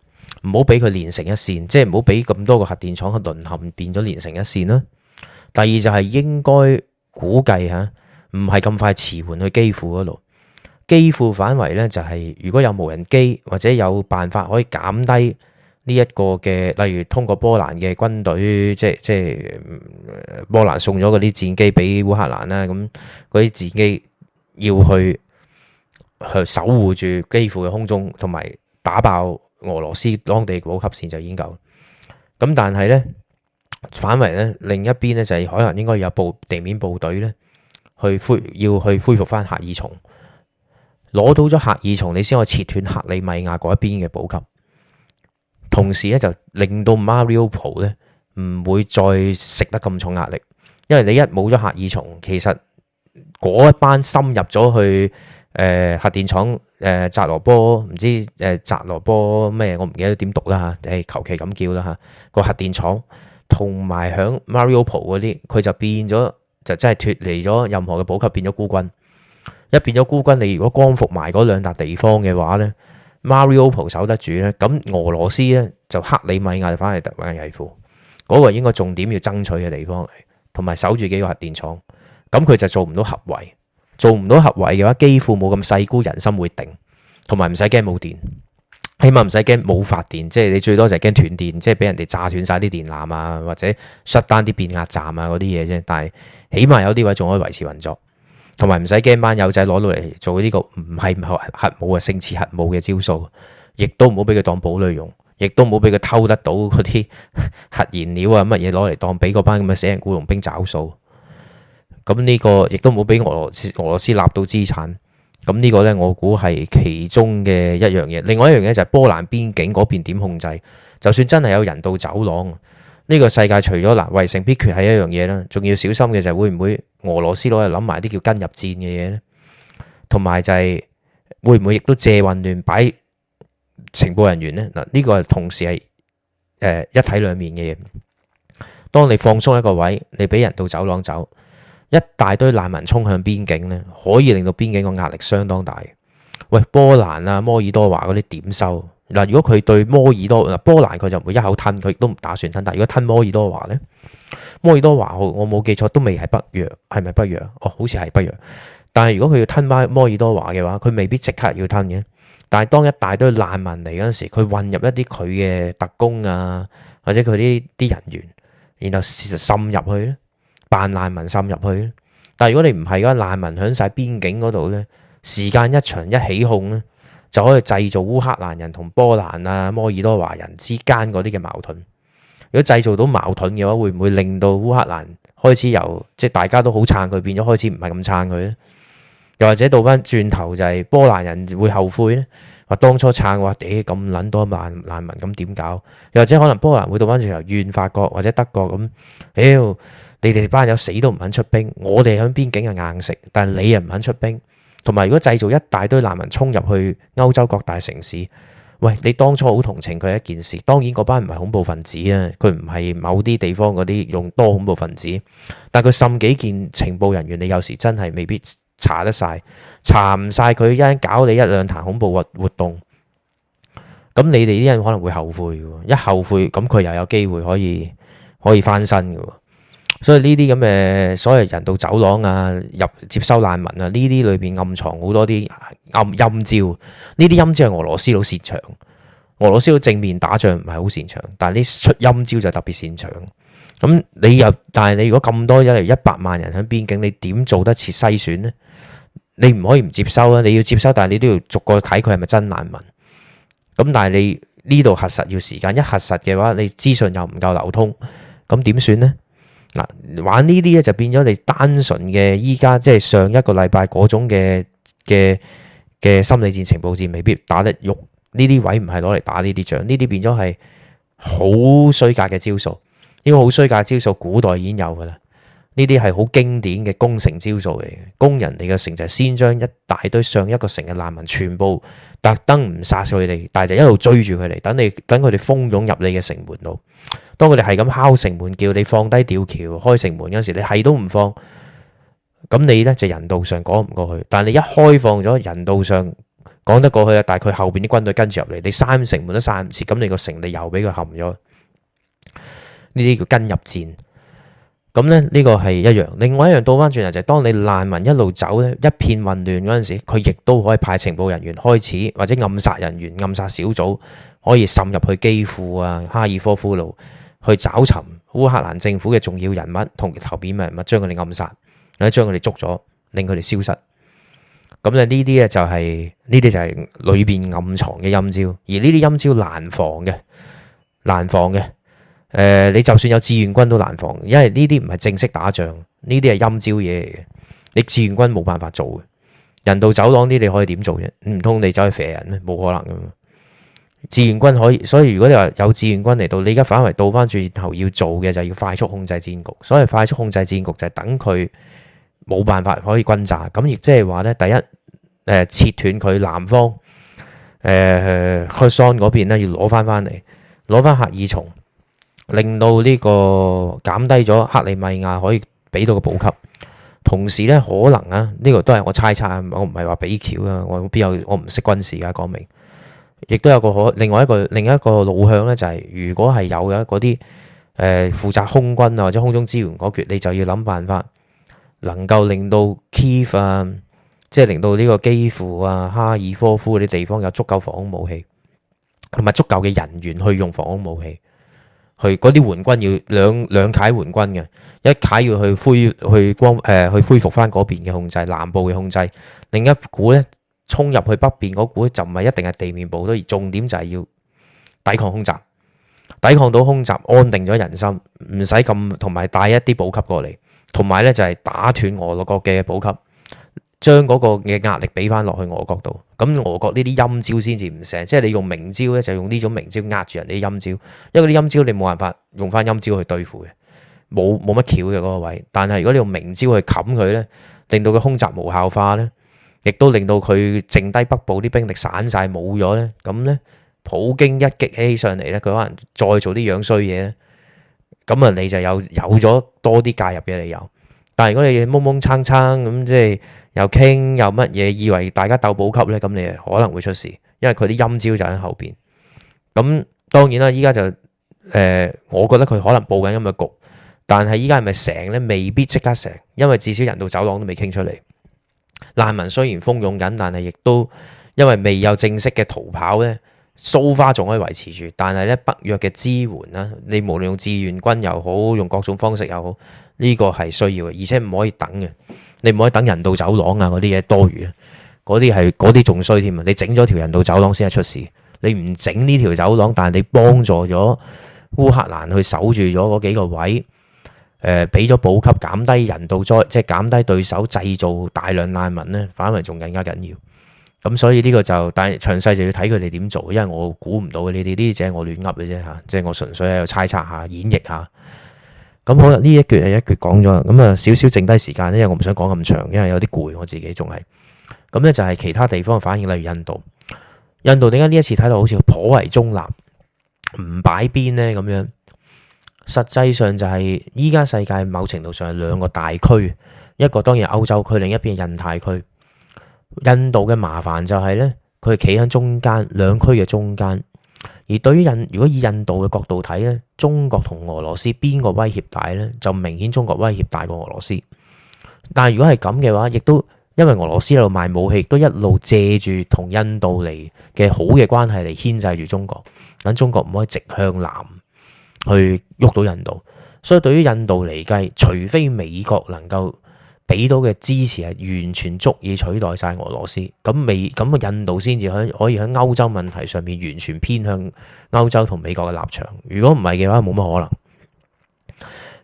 唔好俾佢連成一線，即係唔好俾咁多個核電廠去淪陷變咗連成一線啦。第二就係應該估計吓，唔係咁快遲緩去基輔嗰度。機庫反圍咧，就係如果有無人機或者有辦法可以減低呢一個嘅，例如通過波蘭嘅軍隊，即係即係波蘭送咗嗰啲戰機俾烏克蘭啦。咁嗰啲戰機要去去守護住機庫嘅空中，同埋打爆俄羅斯當地補給線就已經夠。咁但係咧反圍咧，另一邊咧就係可能應該有部地面部隊咧去恢要去恢復翻赫爾松。攞到咗赫爾松，你先可以切斷克里米亞嗰一邊嘅補給，同時咧就令到 Mariupol 咧唔會再食得咁重壓力，因為你一冇咗赫爾松，其實嗰一班深入咗去誒核電廠誒扎羅波唔知誒扎羅波咩，我唔記得點讀啦嚇，誒求其咁叫啦嚇個核電廠，同埋響 Mariupol 嗰啲，佢、呃啊、就變咗就真係脫離咗任何嘅補給，變咗孤軍。一變咗孤軍，你如果光復埋嗰兩笪地方嘅話呢 Mariupol 守得住呢，咁俄羅斯呢，就克里米亞就反而得揾依副，嗰個應該重點要爭取嘅地方，同埋守住幾個核電廠，咁佢就做唔到合圍，做唔到合圍嘅話，幾乎冇咁細估人心會定，同埋唔使驚冇電，起碼唔使驚冇發電，即係你最多就係驚斷電，即係俾人哋炸斷晒啲電纜啊，或者失單啲變壓站啊嗰啲嘢啫，但係起碼有啲位仲可以維持運作。同埋唔使驚班友仔攞到嚟做呢個唔係核核武啊，勝似核武嘅招數，亦都唔好俾佢當寶來用，亦都唔好俾佢偷得到嗰啲核燃料啊乜嘢攞嚟當俾嗰班咁嘅死人雇傭兵找數。咁呢個亦都唔好俾俄羅俄羅斯立到資產。咁呢個呢，我估係其中嘅一樣嘢。另外一樣嘢就係波蘭邊境嗰邊點控制，就算真係有人道走廊。呢個世界除咗嗱，圍城必缺係一樣嘢啦，仲要小心嘅就係會唔會俄羅斯攞嚟諗埋啲叫跟入戰嘅嘢咧？同埋就係會唔會亦都借混亂擺情報人員咧？嗱，呢個係同時係誒一體兩面嘅嘢。當你放鬆一個位，你俾人到走廊走，一大堆難民衝向邊境咧，可以令到邊境個壓力相當大。喂，波蘭啊、摩爾多瓦嗰啲點收？嗱，如果佢對摩爾多嗱波蘭佢就唔會一口吞，佢亦都唔打算吞。但如果吞摩爾多華咧，摩爾多華我我冇記錯都未係北約，係咪北約？哦，好似係北約。但係如果佢要吞返摩爾多華嘅話，佢未必即刻要吞嘅。但係當一大堆難民嚟嗰陣時，佢混入一啲佢嘅特工啊，或者佢啲啲人員，然後滲入去咧，扮難民滲入去。但係如果你唔係嘅話，那個、難民響晒邊境嗰度咧，時間一長一起鬨咧。就可以製造烏克蘭人同波蘭啊、摩爾多瓦人之間嗰啲嘅矛盾。如果製造到矛盾嘅話，會唔會令到烏克蘭開始由即係大家都好撐佢，變咗開始唔係咁撐佢咧？又或者倒翻轉頭就係波蘭人會後悔咧，話當初撐嘅話，屌咁撚多難難民，咁點搞？又或者可能波蘭會倒翻轉頭怨法國或者德國咁，屌、哎、你哋班友死都唔肯出兵，我哋喺邊境係硬食，但係你又唔肯出兵。同埋，如果製造一大堆難民衝入去歐洲各大城市，喂，你當初好同情佢一件事，當然嗰班唔係恐怖分子啊，佢唔係某啲地方嗰啲用多恐怖分子，但佢甚幾件情報人員，你有時真係未必查得晒，查唔晒。佢，一陣搞你一兩壇恐怖活活動，咁你哋啲人可能會後悔嘅喎，一後悔咁佢又有機會可以可以翻身嘅喎。所以呢啲咁嘅，所謂人道走廊啊，入接收難民啊，呢啲裏邊暗藏好多啲暗陰招。呢啲陰招係俄羅斯佬擅長。俄羅斯佬正面打仗唔係好擅長，但係呢出陰招就特別擅長。咁你又，但係你如果咁多嚟一百萬人喺邊境，你點做得切篩選呢？你唔可以唔接收啊，你要接收，但係你都要逐個睇佢係咪真難民。咁但係你呢度核實要時間，一核實嘅話，你資訊又唔夠流通，咁點算呢？嗱，玩呢啲咧就變咗你單純嘅依家即係上一個禮拜嗰種嘅嘅嘅心理戰情報戰未必打得喐。呢啲位唔係攞嚟打呢啲仗，呢啲變咗係好衰格嘅招數，呢個好衰格嘅招數古代已經有噶啦。呢啲係好經典嘅攻城招數嚟嘅，攻人哋嘅城就係先將一大堆上一個城嘅難民全部特登唔殺死佢哋，但係就一路追住佢哋，等你等佢哋蜂擁入你嘅城門度。當佢哋係咁敲城門，叫你放低吊橋、開城門嗰陣時，你係都唔放，咁你呢就人道上講唔過去。但係你一開放咗，人道上講得過去啦。但係佢後邊啲軍隊跟住入嚟，你閂城門都閂唔切，咁你個城，你又俾佢陷咗。呢啲叫跟入戰。咁咧呢個係一樣，另外一樣倒翻轉頭就係當你難民一路走咧，一片混亂嗰陣時，佢亦都可以派情報人員開始，或者暗殺人員、暗殺小組可以滲入去基輔啊、哈爾科夫路去找尋烏克蘭政府嘅重要人物同其頭面人物，將佢哋暗殺，或者將佢哋捉咗，令佢哋消失。咁咧呢啲咧就係呢啲就係裏邊暗藏嘅陰招，而呢啲陰招難防嘅，難防嘅。誒、呃，你就算有志願軍都難防，因為呢啲唔係正式打仗，呢啲係陰招嘢嚟嘅。你志願軍冇辦法做嘅，人道走廊呢，你可以點做啫？唔通你走去射人咩？冇可能噶嘛。志願軍可以，所以如果你話有志願軍嚟到，你而家反為倒翻轉頭要做嘅就係要快速控制戰局，所謂快速控制戰局就係等佢冇辦法可以轟炸咁，亦即係話咧第一誒、呃，切斷佢南方誒開山嗰邊咧，呃、邊要攞翻翻嚟，攞翻赫爾松。令到呢個減低咗克里米亞可以俾到個補給，同時咧可能啊，呢、這個都係我猜測，我唔係話比橋啊，我邊有我唔識軍事啊，講明。亦都有個可另外一個另一個路向咧、就是，就係如果係有嘅嗰啲誒負責空軍啊或者空中支援嗰橛，你就要諗辦法能夠令到 Kiev 啊，即係令到呢個基輔啊、哈爾科夫嗰啲地方有足夠防空武器，同埋足夠嘅人員去用防空武器。去嗰啲援軍要兩兩梯援軍嘅，一梯要去恢去光誒去恢復翻嗰邊嘅控制南部嘅控制，另一股咧衝入去北邊嗰股就唔係一定係地面部隊，重點就係要抵抗空襲，抵抗到空襲安定咗人心，唔使咁同埋帶一啲補給過嚟，同埋咧就係打斷俄羅斯嘅補給。將嗰個嘅壓力俾翻落去俄國度，咁俄國呢啲陰招先至唔成，即係你用明招咧就用呢種明招壓住人哋啲陰招，因為啲陰招你冇辦法用翻陰招去對付嘅，冇冇乜巧嘅嗰個位。但係如果你用明招去冚佢咧，令到佢空襲無效化咧，亦都令到佢剩低北部啲兵力散晒冇咗咧，咁咧普京一擊起起上嚟咧，佢可能再做啲樣衰嘢咧，咁啊你就有有咗多啲介入嘅理由。但係如果你懵懵撐撐咁即係。又傾又乜嘢？以為大家鬥補給呢？咁你可能會出事，因為佢啲陰招就喺後邊。咁當然啦，依家就誒、呃，我覺得佢可能佈緊咁嘅局，但係依家係咪成呢？未必即刻成，因為至少人道走廊都未傾出嚟。難民雖然蜂擁緊，但係亦都因為未有正式嘅逃跑呢。蘇花仲可以維持住。但係呢北約嘅支援啦，你無論用志願軍又好，用各種方式又好，呢個係需要嘅，而且唔可以等嘅。你唔可以等人道走廊啊！嗰啲嘢多餘啊，啲係嗰啲仲衰添啊！你整咗條人道走廊先係出事，你唔整呢條走廊，但係你幫助咗烏克蘭去守住咗嗰幾個位，誒、呃，俾咗補給，減低人道災，即係減低對手製造大量難民呢，反為仲更加緊要。咁所以呢個就，但係詳細就要睇佢哋點做，因為我估唔到嘅呢啲，呢啲只係我亂噏嘅啫吓，即係我純粹喺度猜測下、演繹下。咁好啦，呢一橛係一橛講咗啦。咁啊，少少剩低時間咧，因為我唔想講咁長，因為有啲攰我自己仲係。咁呢，就係其他地方嘅反應，例如印度。印度點解呢一次睇到好似頗為中立，唔擺邊呢？咁樣，實際上就係依家世界某程度上係兩個大區，一個當然歐洲區，另一邊係印太區。印度嘅麻煩就係呢，佢企喺中間兩區嘅中間。而對於印，如果以印度嘅角度睇咧，中國同俄羅斯邊個威脅大呢？就明顯中國威脅大過俄羅斯。但係如果係咁嘅話，亦都因為俄羅斯喺度賣武器，都一路借住同印度嚟嘅好嘅關係嚟牽制住中國，等中國唔可以直向南去喐到印度。所以對於印度嚟計，除非美國能夠。俾到嘅支持係完全足以取代晒俄羅斯，咁美咁印度先至可可以喺歐洲問題上面完全偏向歐洲同美國嘅立場。如果唔係嘅話，冇乜可能，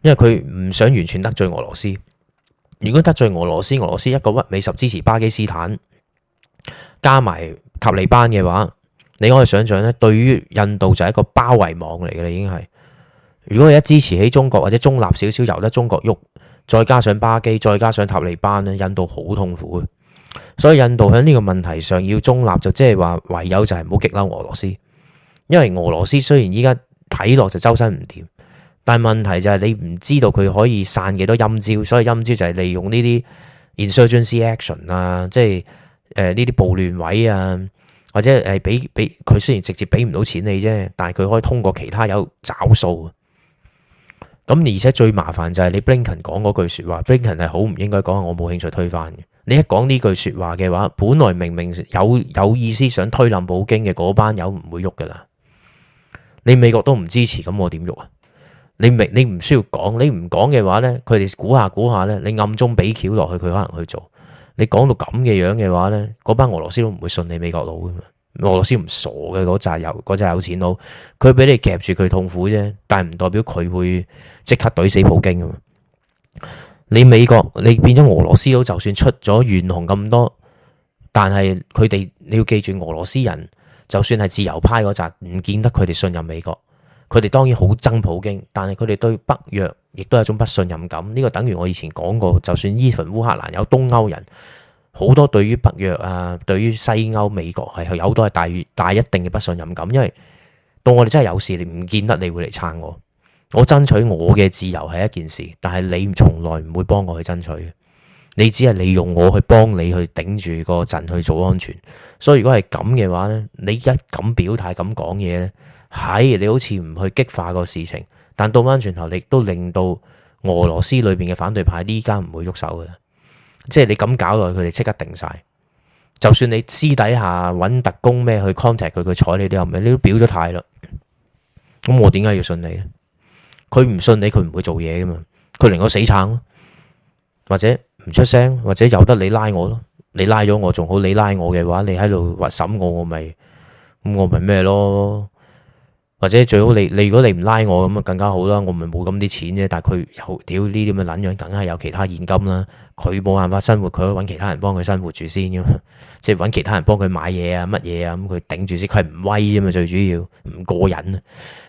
因為佢唔想完全得罪俄羅斯。如果得罪俄羅斯，俄羅斯一個屈美十支持巴基斯坦，加埋塔利班嘅話，你可以想象咧，對於印度就係一個包圍網嚟嘅啦，已經係。如果一支持起中國或者中立少少，由得中國喐。再加上巴基，再加上塔利班咧，印度好痛苦嘅！所以印度喺呢個問題上要中立，就即係話唯有就係唔好激嬲俄羅斯，因為俄羅斯雖然依家睇落就周身唔掂，但問題就係你唔知道佢可以散幾多陰招，所以陰招就係利用呢啲 insurgency action 啊，即係誒呢啲暴亂位啊，或者誒俾俾佢雖然直接俾唔到錢你啫，但係佢可以通過其他有找數。咁而且最麻煩就係你布林肯講嗰句説話。布林肯係好唔應該講，我冇興趣推翻嘅。你一講呢句説話嘅話，本來明明有有意思想推冧普京嘅嗰班友唔會喐噶啦。你美國都唔支持，咁我點喐啊？你明，你唔需要講，你唔講嘅話咧，佢哋估下估下咧，你暗中俾橋落去，佢可能去做。你講到咁嘅樣嘅話咧，嗰班俄羅斯都唔會信你美國佬噶嘛。俄羅斯唔傻嘅，嗰扎有嗰扎有錢佬，佢俾你夾住佢痛苦啫，但係唔代表佢會即刻懟死普京。你美國，你變咗俄羅斯佬，就算出咗怨紅咁多，但係佢哋你要記住，俄羅斯人就算係自由派嗰扎，唔見得佢哋信任美國，佢哋當然好憎普京，但係佢哋對北約亦都有一種不信任感。呢個等於我以前講過，就算 even 烏克蘭有東歐人。好多對於北約啊，對於西歐、美國係有好多係大越大一定嘅不信任感，因為到我哋真係有事，你唔見得你會嚟撐我。我爭取我嘅自由係一件事，但係你從來唔會幫我去爭取，你只係利用我去幫你去頂住個陣去做安全。所以如果係咁嘅話呢，你一咁表態咁講嘢呢，係你好似唔去激化個事情，但到翻轉頭，你都令到俄羅斯裏邊嘅反對派呢家唔會喐手㗎啦。即係你咁搞落去，佢哋即刻定晒。就算你私底下揾特工咩去 contact 佢，佢睬你啲後面，你都表咗態啦。咁我點解要信你咧？佢唔信你，佢唔會做嘢噶嘛。佢寧可死撐，啊，或者唔出聲，或者由得你拉我咯。你拉咗我仲好，你拉我嘅話，你喺度或審我，我咪咁我咪咩咯？或者最好你你如果你唔拉我，咁啊更加好啦，我咪冇咁啲錢啫。但佢有屌呢啲咁嘅捻樣，梗係有其他現金啦。佢冇辦法生活，佢揾其他人幫佢生活住先噶嘛。即係揾其他人幫佢買嘢啊，乜嘢啊咁佢頂住先。佢係唔威啫嘛，最主要唔過癮。啊，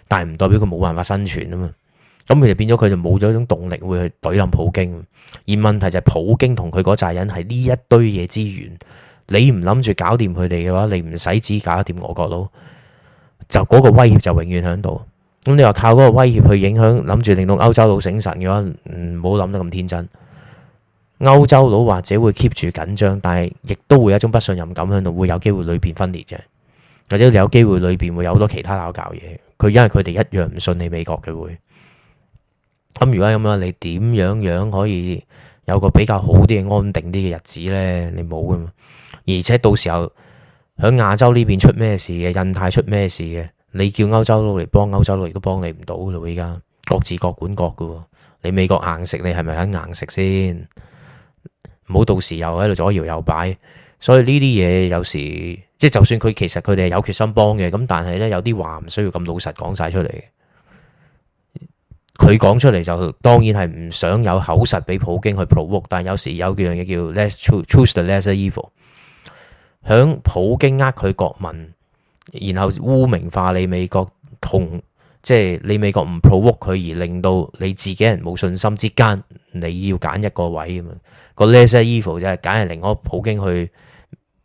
但係唔代表佢冇辦法生存啊嘛。咁佢就變咗佢就冇咗一種動力會去懟冧普京。而問題就係普京同佢嗰扎人係呢一堆嘢之源。你唔諗住搞掂佢哋嘅話，你唔使只搞掂俄國佬。就嗰、嗰個威脅就永遠喺度，咁你話靠嗰個威脅去影響，諗住令到歐洲佬醒神嘅話，唔好諗得咁天真。歐洲佬或者會 keep 住緊張，但係亦都會有一種不信任感喺度，會有機會裏邊分裂嘅，或者有機會裏邊會有好多其他拗教嘢。佢因為佢哋一樣唔信你美國嘅會。咁如果咁樣，你點樣樣可以有個比較好啲嘅安定啲嘅日子咧？你冇噶嘛，而且到時候。喺亞洲呢邊出咩事嘅？印太出咩事嘅？你叫歐洲佬嚟幫歐洲都都幫，佬亦都幫你唔到嘅咯。依家各自各管各嘅，你美國硬食，你係咪喺硬食先？唔好到時又喺度左搖右擺。所以呢啲嘢有時即係，就算佢其實佢哋有決心幫嘅，咁但係咧有啲話唔需要咁老實講晒出嚟。佢講出嚟就當然係唔想有口實俾普京去 provoke，但有時有樣嘢叫 less c h o e choose the lesser evil。喺普京呃佢國民，然後污名化你美國，同即係你美國唔 provoke 佢，而令到你自己人冇信心之間，你要揀一個位咁啊，個 lesser evil 就係揀係令我普京去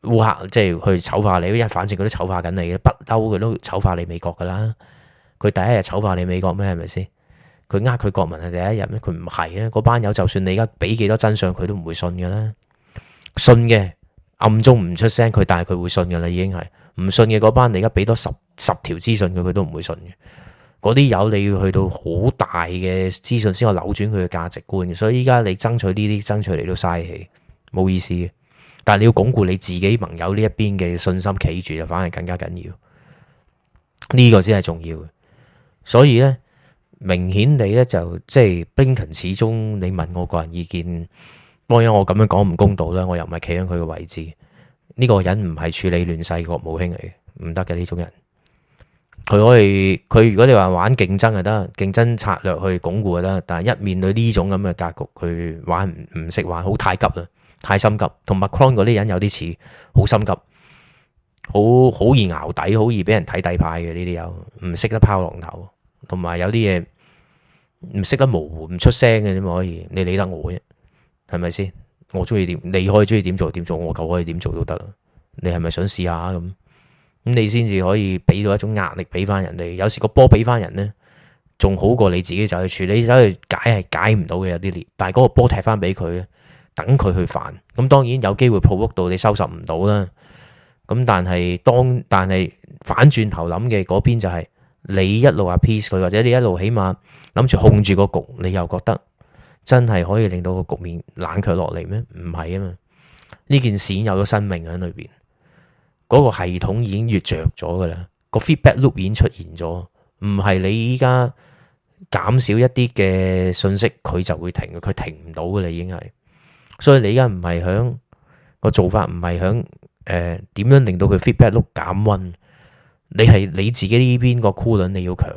烏克，即、呃、係、去醜化你，因為反正佢都醜化緊你嘅，不嬲佢都醜化你美國噶啦。佢第一日醜化你美國咩？係咪先？佢呃佢國民係第一日咩？佢唔係啊，嗰班友就算你而家俾幾多真相，佢都唔會信噶啦，信嘅。暗中唔出聲，佢但係佢會信噶啦，已經係唔信嘅嗰班，你而家俾多十十條資訊佢，佢都唔會信嘅。嗰啲有你要去到好大嘅資訊先可扭轉佢嘅價值觀，所以依家你爭取呢啲爭取嚟都嘥氣，冇意思。但係你要鞏固你自己盟友呢一邊嘅信心，企住就反而更加緊要。呢、這個先係重要嘅。所以呢，明顯地呢，就即係冰勤，始終你問我個人意見。當然我咁樣講唔公道啦，我又唔係企喺佢嘅位置。呢個人唔係處理亂世嘅岳母兄嚟嘅，唔得嘅呢種人。佢可以佢，如果你話玩競爭就得，競爭策略去鞏固就得，但係一面對呢種咁嘅格局，佢玩唔唔識玩，好太急啦，太心急，同 Macron 嗰啲人有啲似，好心急，好好易淆底，好易俾人睇底牌嘅，呢啲有唔識得拋龍頭，同埋有啲嘢唔識得模糊，唔出聲嘅先可以，你理得我啫。係咪先？我中意點，你可以中意點做點做，我夠可以點做都得啦。你係咪想試下咁？咁你先至可以俾到一種壓力俾翻人哋。有時個波俾翻人呢，仲好過你自己走去處理走去解係解唔到嘅，有啲裂。但係嗰個波踢翻俾佢，等佢去煩。咁當然有機會 provoke 到你收拾唔到啦。咁但係當但係反轉頭諗嘅嗰邊就係你一路話 peace 佢，或者你一路起碼諗住控住個局，你又覺得。真係可以令到個局面冷卻落嚟咩？唔係啊嘛，呢件事已經有咗生命喺裏邊，嗰個系統已經越着咗噶啦，個 feedback loop 已經出現咗，唔係你依家減少一啲嘅信息，佢就會停，佢停唔到噶啦，你已經係，所以你依家唔係響個做法，唔係響誒點樣令到佢 feedback loop 減溫，你係你自己呢邊個 cool 輪你要強。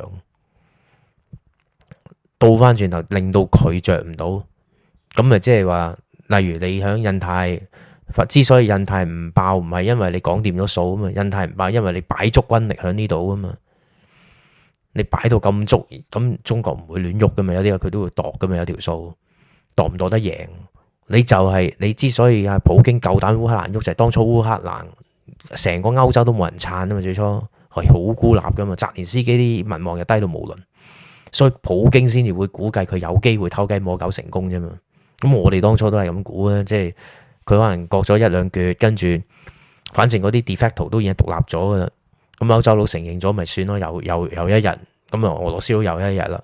倒翻轉頭，令到佢着唔到，咁啊，即係話，例如你響印太，之所以印太唔爆，唔係因為你講掂咗數啊嘛，印太唔爆，因為你擺足軍力響呢度啊嘛，你擺到咁足，咁中國唔會亂喐噶嘛，有啲嘢佢都會度噶嘛，有條數，度唔度得贏，你就係，你之所以啊普京夠膽烏克蘭喐，就係，當初烏克蘭成個歐洲都冇人撐啊嘛，最初係好孤立噶嘛，澤連斯基啲民望又低到冇倫。所以普京先至會估計佢有機會偷雞摸狗成功啫嘛，咁我哋當初都係咁估咧，即係佢可能割咗一兩橛，跟住反正嗰啲 de facto 都已經獨立咗噶啦，咁歐洲佬承認咗咪算咯，又又一日，咁啊俄羅斯佬又一日啦，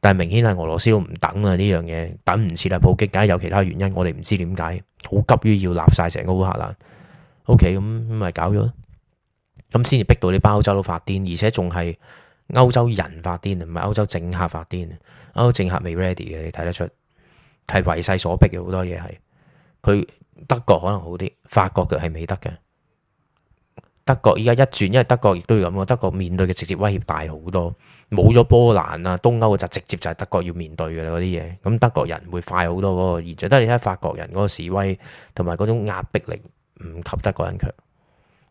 但係明顯係俄羅斯佬唔等啊呢樣嘢，等唔切啦，普京梗係有其他原因，我哋唔知點解，好急於要立晒成個烏克蘭，O K 咁咪搞咗，咁先至逼到你班歐洲佬發癲，而且仲係。歐洲人發癲唔係歐洲政客發癲，歐洲政客未 ready 嘅，你睇得出係為勢所迫嘅好多嘢係。佢德國可能好啲，法國嘅係未得嘅德國。依家一轉，因為德國亦都要咁。德國面對嘅直接威脅大好多，冇咗波蘭啊，東歐就直接就係德國要面對嘅嗰啲嘢。咁德國人會快好多嗰個現象，但係你睇法國人嗰個示威同埋嗰種壓迫力唔及德國人強，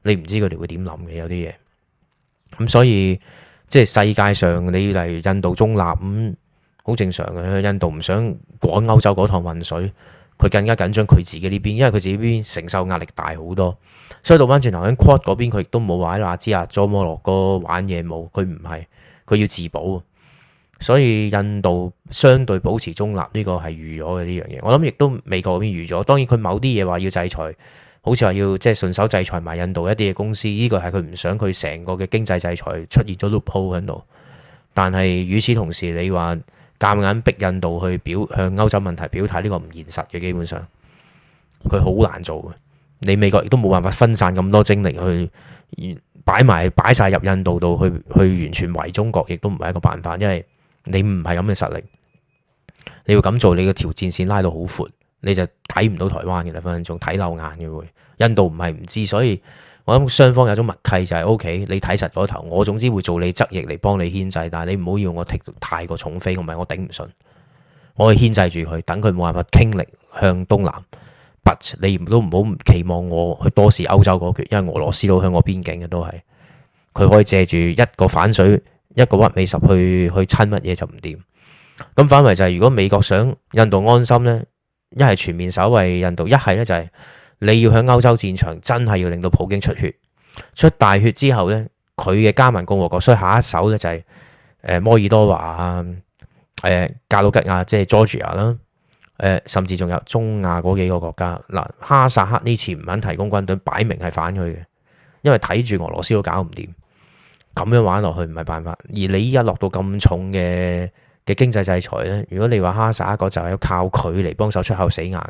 你唔知佢哋會點諗嘅有啲嘢咁，所以。即係世界上，你例如印度中立咁，好正常嘅。印度唔想趕歐洲嗰趟混水，佢更加緊張佢自己呢邊，因為佢自己邊承受壓力大好多。所以倒翻轉頭喺 Quad 嗰邊，佢亦都冇話喺亞洲做摩洛哥玩嘢冇，佢唔係，佢要自保。所以印度相對保持中立呢個係預咗嘅呢樣嘢。我諗亦都美國嗰邊預咗，當然佢某啲嘢話要制裁。好似話要即係順手制裁埋印度一啲嘅公司，呢個係佢唔想佢成個嘅經濟制裁出現咗 loophole 喺度。但係與此同時，你話夾硬逼印度去表向歐洲問題表態，呢個唔現實嘅。基本上，佢好難做嘅。你美國亦都冇辦法分散咁多精力去擺埋擺晒入印度度去，去完全圍中國，亦都唔係一個辦法，因為你唔係咁嘅實力。你要咁做，你嘅條戰線拉到好闊。你就睇唔到台灣嘅啦，分分鐘睇漏眼嘅會。印度唔係唔知，所以我諗雙方有種默契就係 OK，你睇實嗰頭，我總之會做你側翼嚟幫你牽制，但係你唔好要，要我踢太過重飛，唔係我頂唔順。我係牽制住佢，等佢冇辦法傾力向東南。But 你都唔好期望我去多事歐洲嗰橛，因為俄羅斯佬向我邊境嘅都係佢可以借住一個反水，一個屈美十屈尾十去去親乜嘢就唔掂。咁反為就係、是、如果美國想印度安心呢。一係全面守衛印度，一係咧就係你要喺歐洲戰場真係要令到普京出血，出大血之後咧，佢嘅加盟共和國，所以下一手咧就係誒摩爾多瓦啊，誒格魯吉亞即係 Georgia 啦，誒甚至仲有中亞嗰幾個國家嗱，哈薩克呢次唔肯提供軍隊，擺明係反佢嘅，因為睇住俄羅斯都搞唔掂，咁樣玩落去唔係辦法，而你依家落到咁重嘅。嘅經濟制裁咧，如果你話哈薩克就係要靠佢嚟幫手出口，死硬，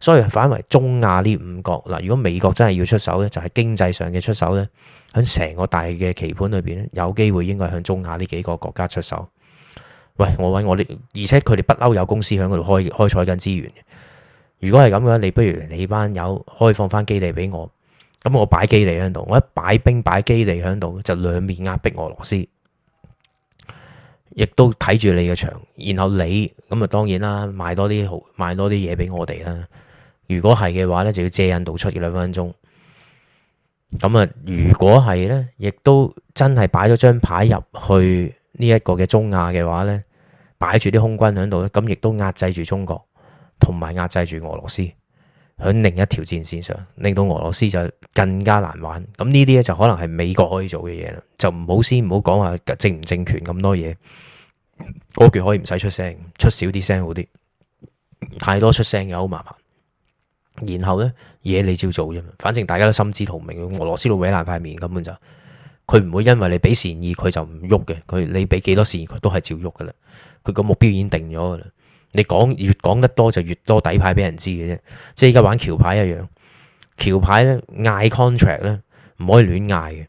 所以反為中亞呢五國嗱，如果美國真係要出手咧，就係經濟上嘅出手咧，喺成個大嘅棋盤裏邊咧，有機會應該向中亞呢幾個國家出手。喂，我揾我啲，而且佢哋不嬲有公司喺嗰度開開採緊資源。如果係咁樣，你不如你班友開放翻基地俾我，咁我擺基地喺度，我一擺兵擺基地喺度，就兩面壓迫俄羅斯。亦都睇住你嘅場，然後你咁啊，就當然啦，賣多啲好，賣多啲嘢俾我哋啦。如果係嘅話呢，就要借印度出嘅兩分鐘。咁啊，如果係呢，亦都真係擺咗張牌入去呢一個嘅中亞嘅話呢，擺住啲空軍喺度咧，咁亦都壓制住中國，同埋壓制住俄羅斯喺另一條戰線上，令到俄羅斯就更加難玩。咁呢啲咧就可能係美國可以做嘅嘢啦。就唔好先唔好講話政唔政權咁多嘢，嗰句可以唔使出聲，出少啲聲好啲。太多出聲又好麻煩。然後咧嘢你照做啫嘛，反正大家都心知肚明。俄羅斯佬搲爛塊面，根本就佢唔會因為你俾善意佢就唔喐嘅。佢你俾幾多善意佢都係照喐噶啦。佢個目標已經定咗噶啦。你講越講得多就越多底牌俾人知嘅啫，即係而家玩橋牌一樣。橋牌咧，嗌 contract 咧，唔可以亂嗌嘅。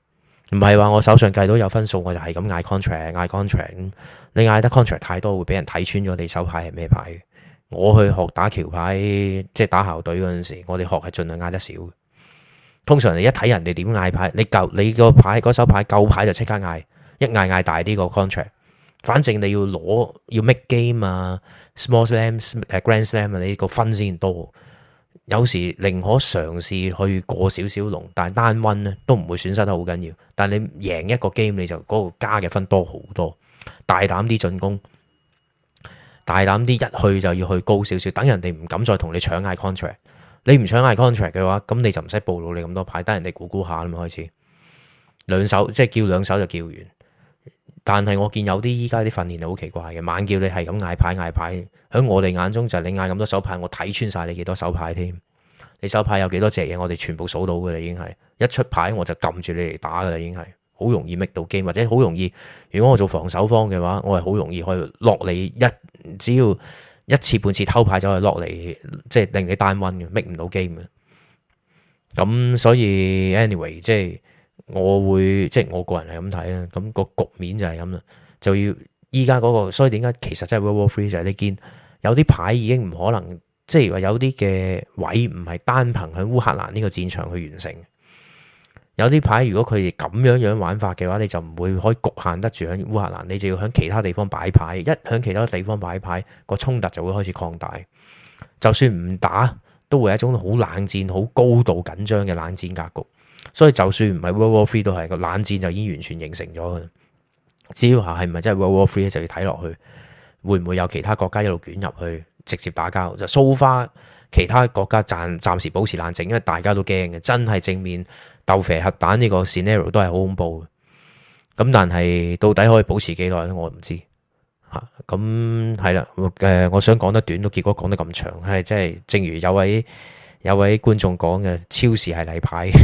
唔係話我手上計到有分數，我就係咁嗌 contract 嗌 contract。你嗌得 contract 太多，會俾人睇穿咗你手牌係咩牌嘅。我去學打橋牌，即係打校隊嗰陣時，我哋學係盡量嗌得少。通常你一睇人哋點嗌牌，你夠你個牌嗰手牌夠牌就即刻嗌，一嗌嗌大啲個 contract。反正你要攞要 make game 啊，small slam grand slam 啊，你個分先多。有時寧可嘗試去過少少龍，但係單 win 咧都唔會損失得好緊要。但係你贏一個 game 你就嗰個加嘅分多好多。大膽啲進攻，大膽啲一,一去就要去高少少，等人哋唔敢再同你搶嗌 contract。你唔搶嗌 contract 嘅話，咁你就唔使暴露你咁多牌，等人哋估估下咁開始兩手，即係叫兩手就叫完。但係我見有啲依家啲訓練就好奇怪嘅，晚叫你係咁嗌牌嗌牌，喺我哋眼中就係你嗌咁多手牌，我睇穿晒你幾多手牌添。你手牌有幾多隻嘢，我哋全部數到噶啦，已經係一出牌我就撳住你嚟打噶啦，已經係好容易搣到 game，或者好容易。如果我做防守方嘅話，我係好容易可以落嚟一隻要一次半次偷牌就係落嚟，即係令你單溫嘅搣唔到 game 嘅。咁所以 anyway 即係。我會即係我個人係咁睇啊，咁個局面就係咁啦，就要依家嗰個，所以點解其實真係 World War Three 就係呢兼有啲牌已經唔可能，即係話有啲嘅位唔係單憑喺烏克蘭呢個戰場去完成。有啲牌如果佢哋咁樣樣玩法嘅話，你就唔會可以局限得住喺烏克蘭，你就要喺其他地方擺牌。一喺其他地方擺牌，個衝突就會開始擴大。就算唔打，都會係一種好冷戰、好高度緊張嘅冷戰格局。所以就算唔係 World War Three 都係個冷戰就已經完全形成咗嘅。只要話係唔係真係 World War Three 咧，就要睇落去會唔會有其他國家一路捲入去直接打交，就 So far 其他國家暫暫時保持冷靜，因為大家都驚嘅。真係正面鬥肥核彈呢個 scenario 都係好恐怖嘅。咁但係到底可以保持幾耐咧？我唔知吓。咁係啦，誒，我想講得短，都結果講得咁長，係即係。即係、正如有位有位觀眾講嘅，超時係例牌。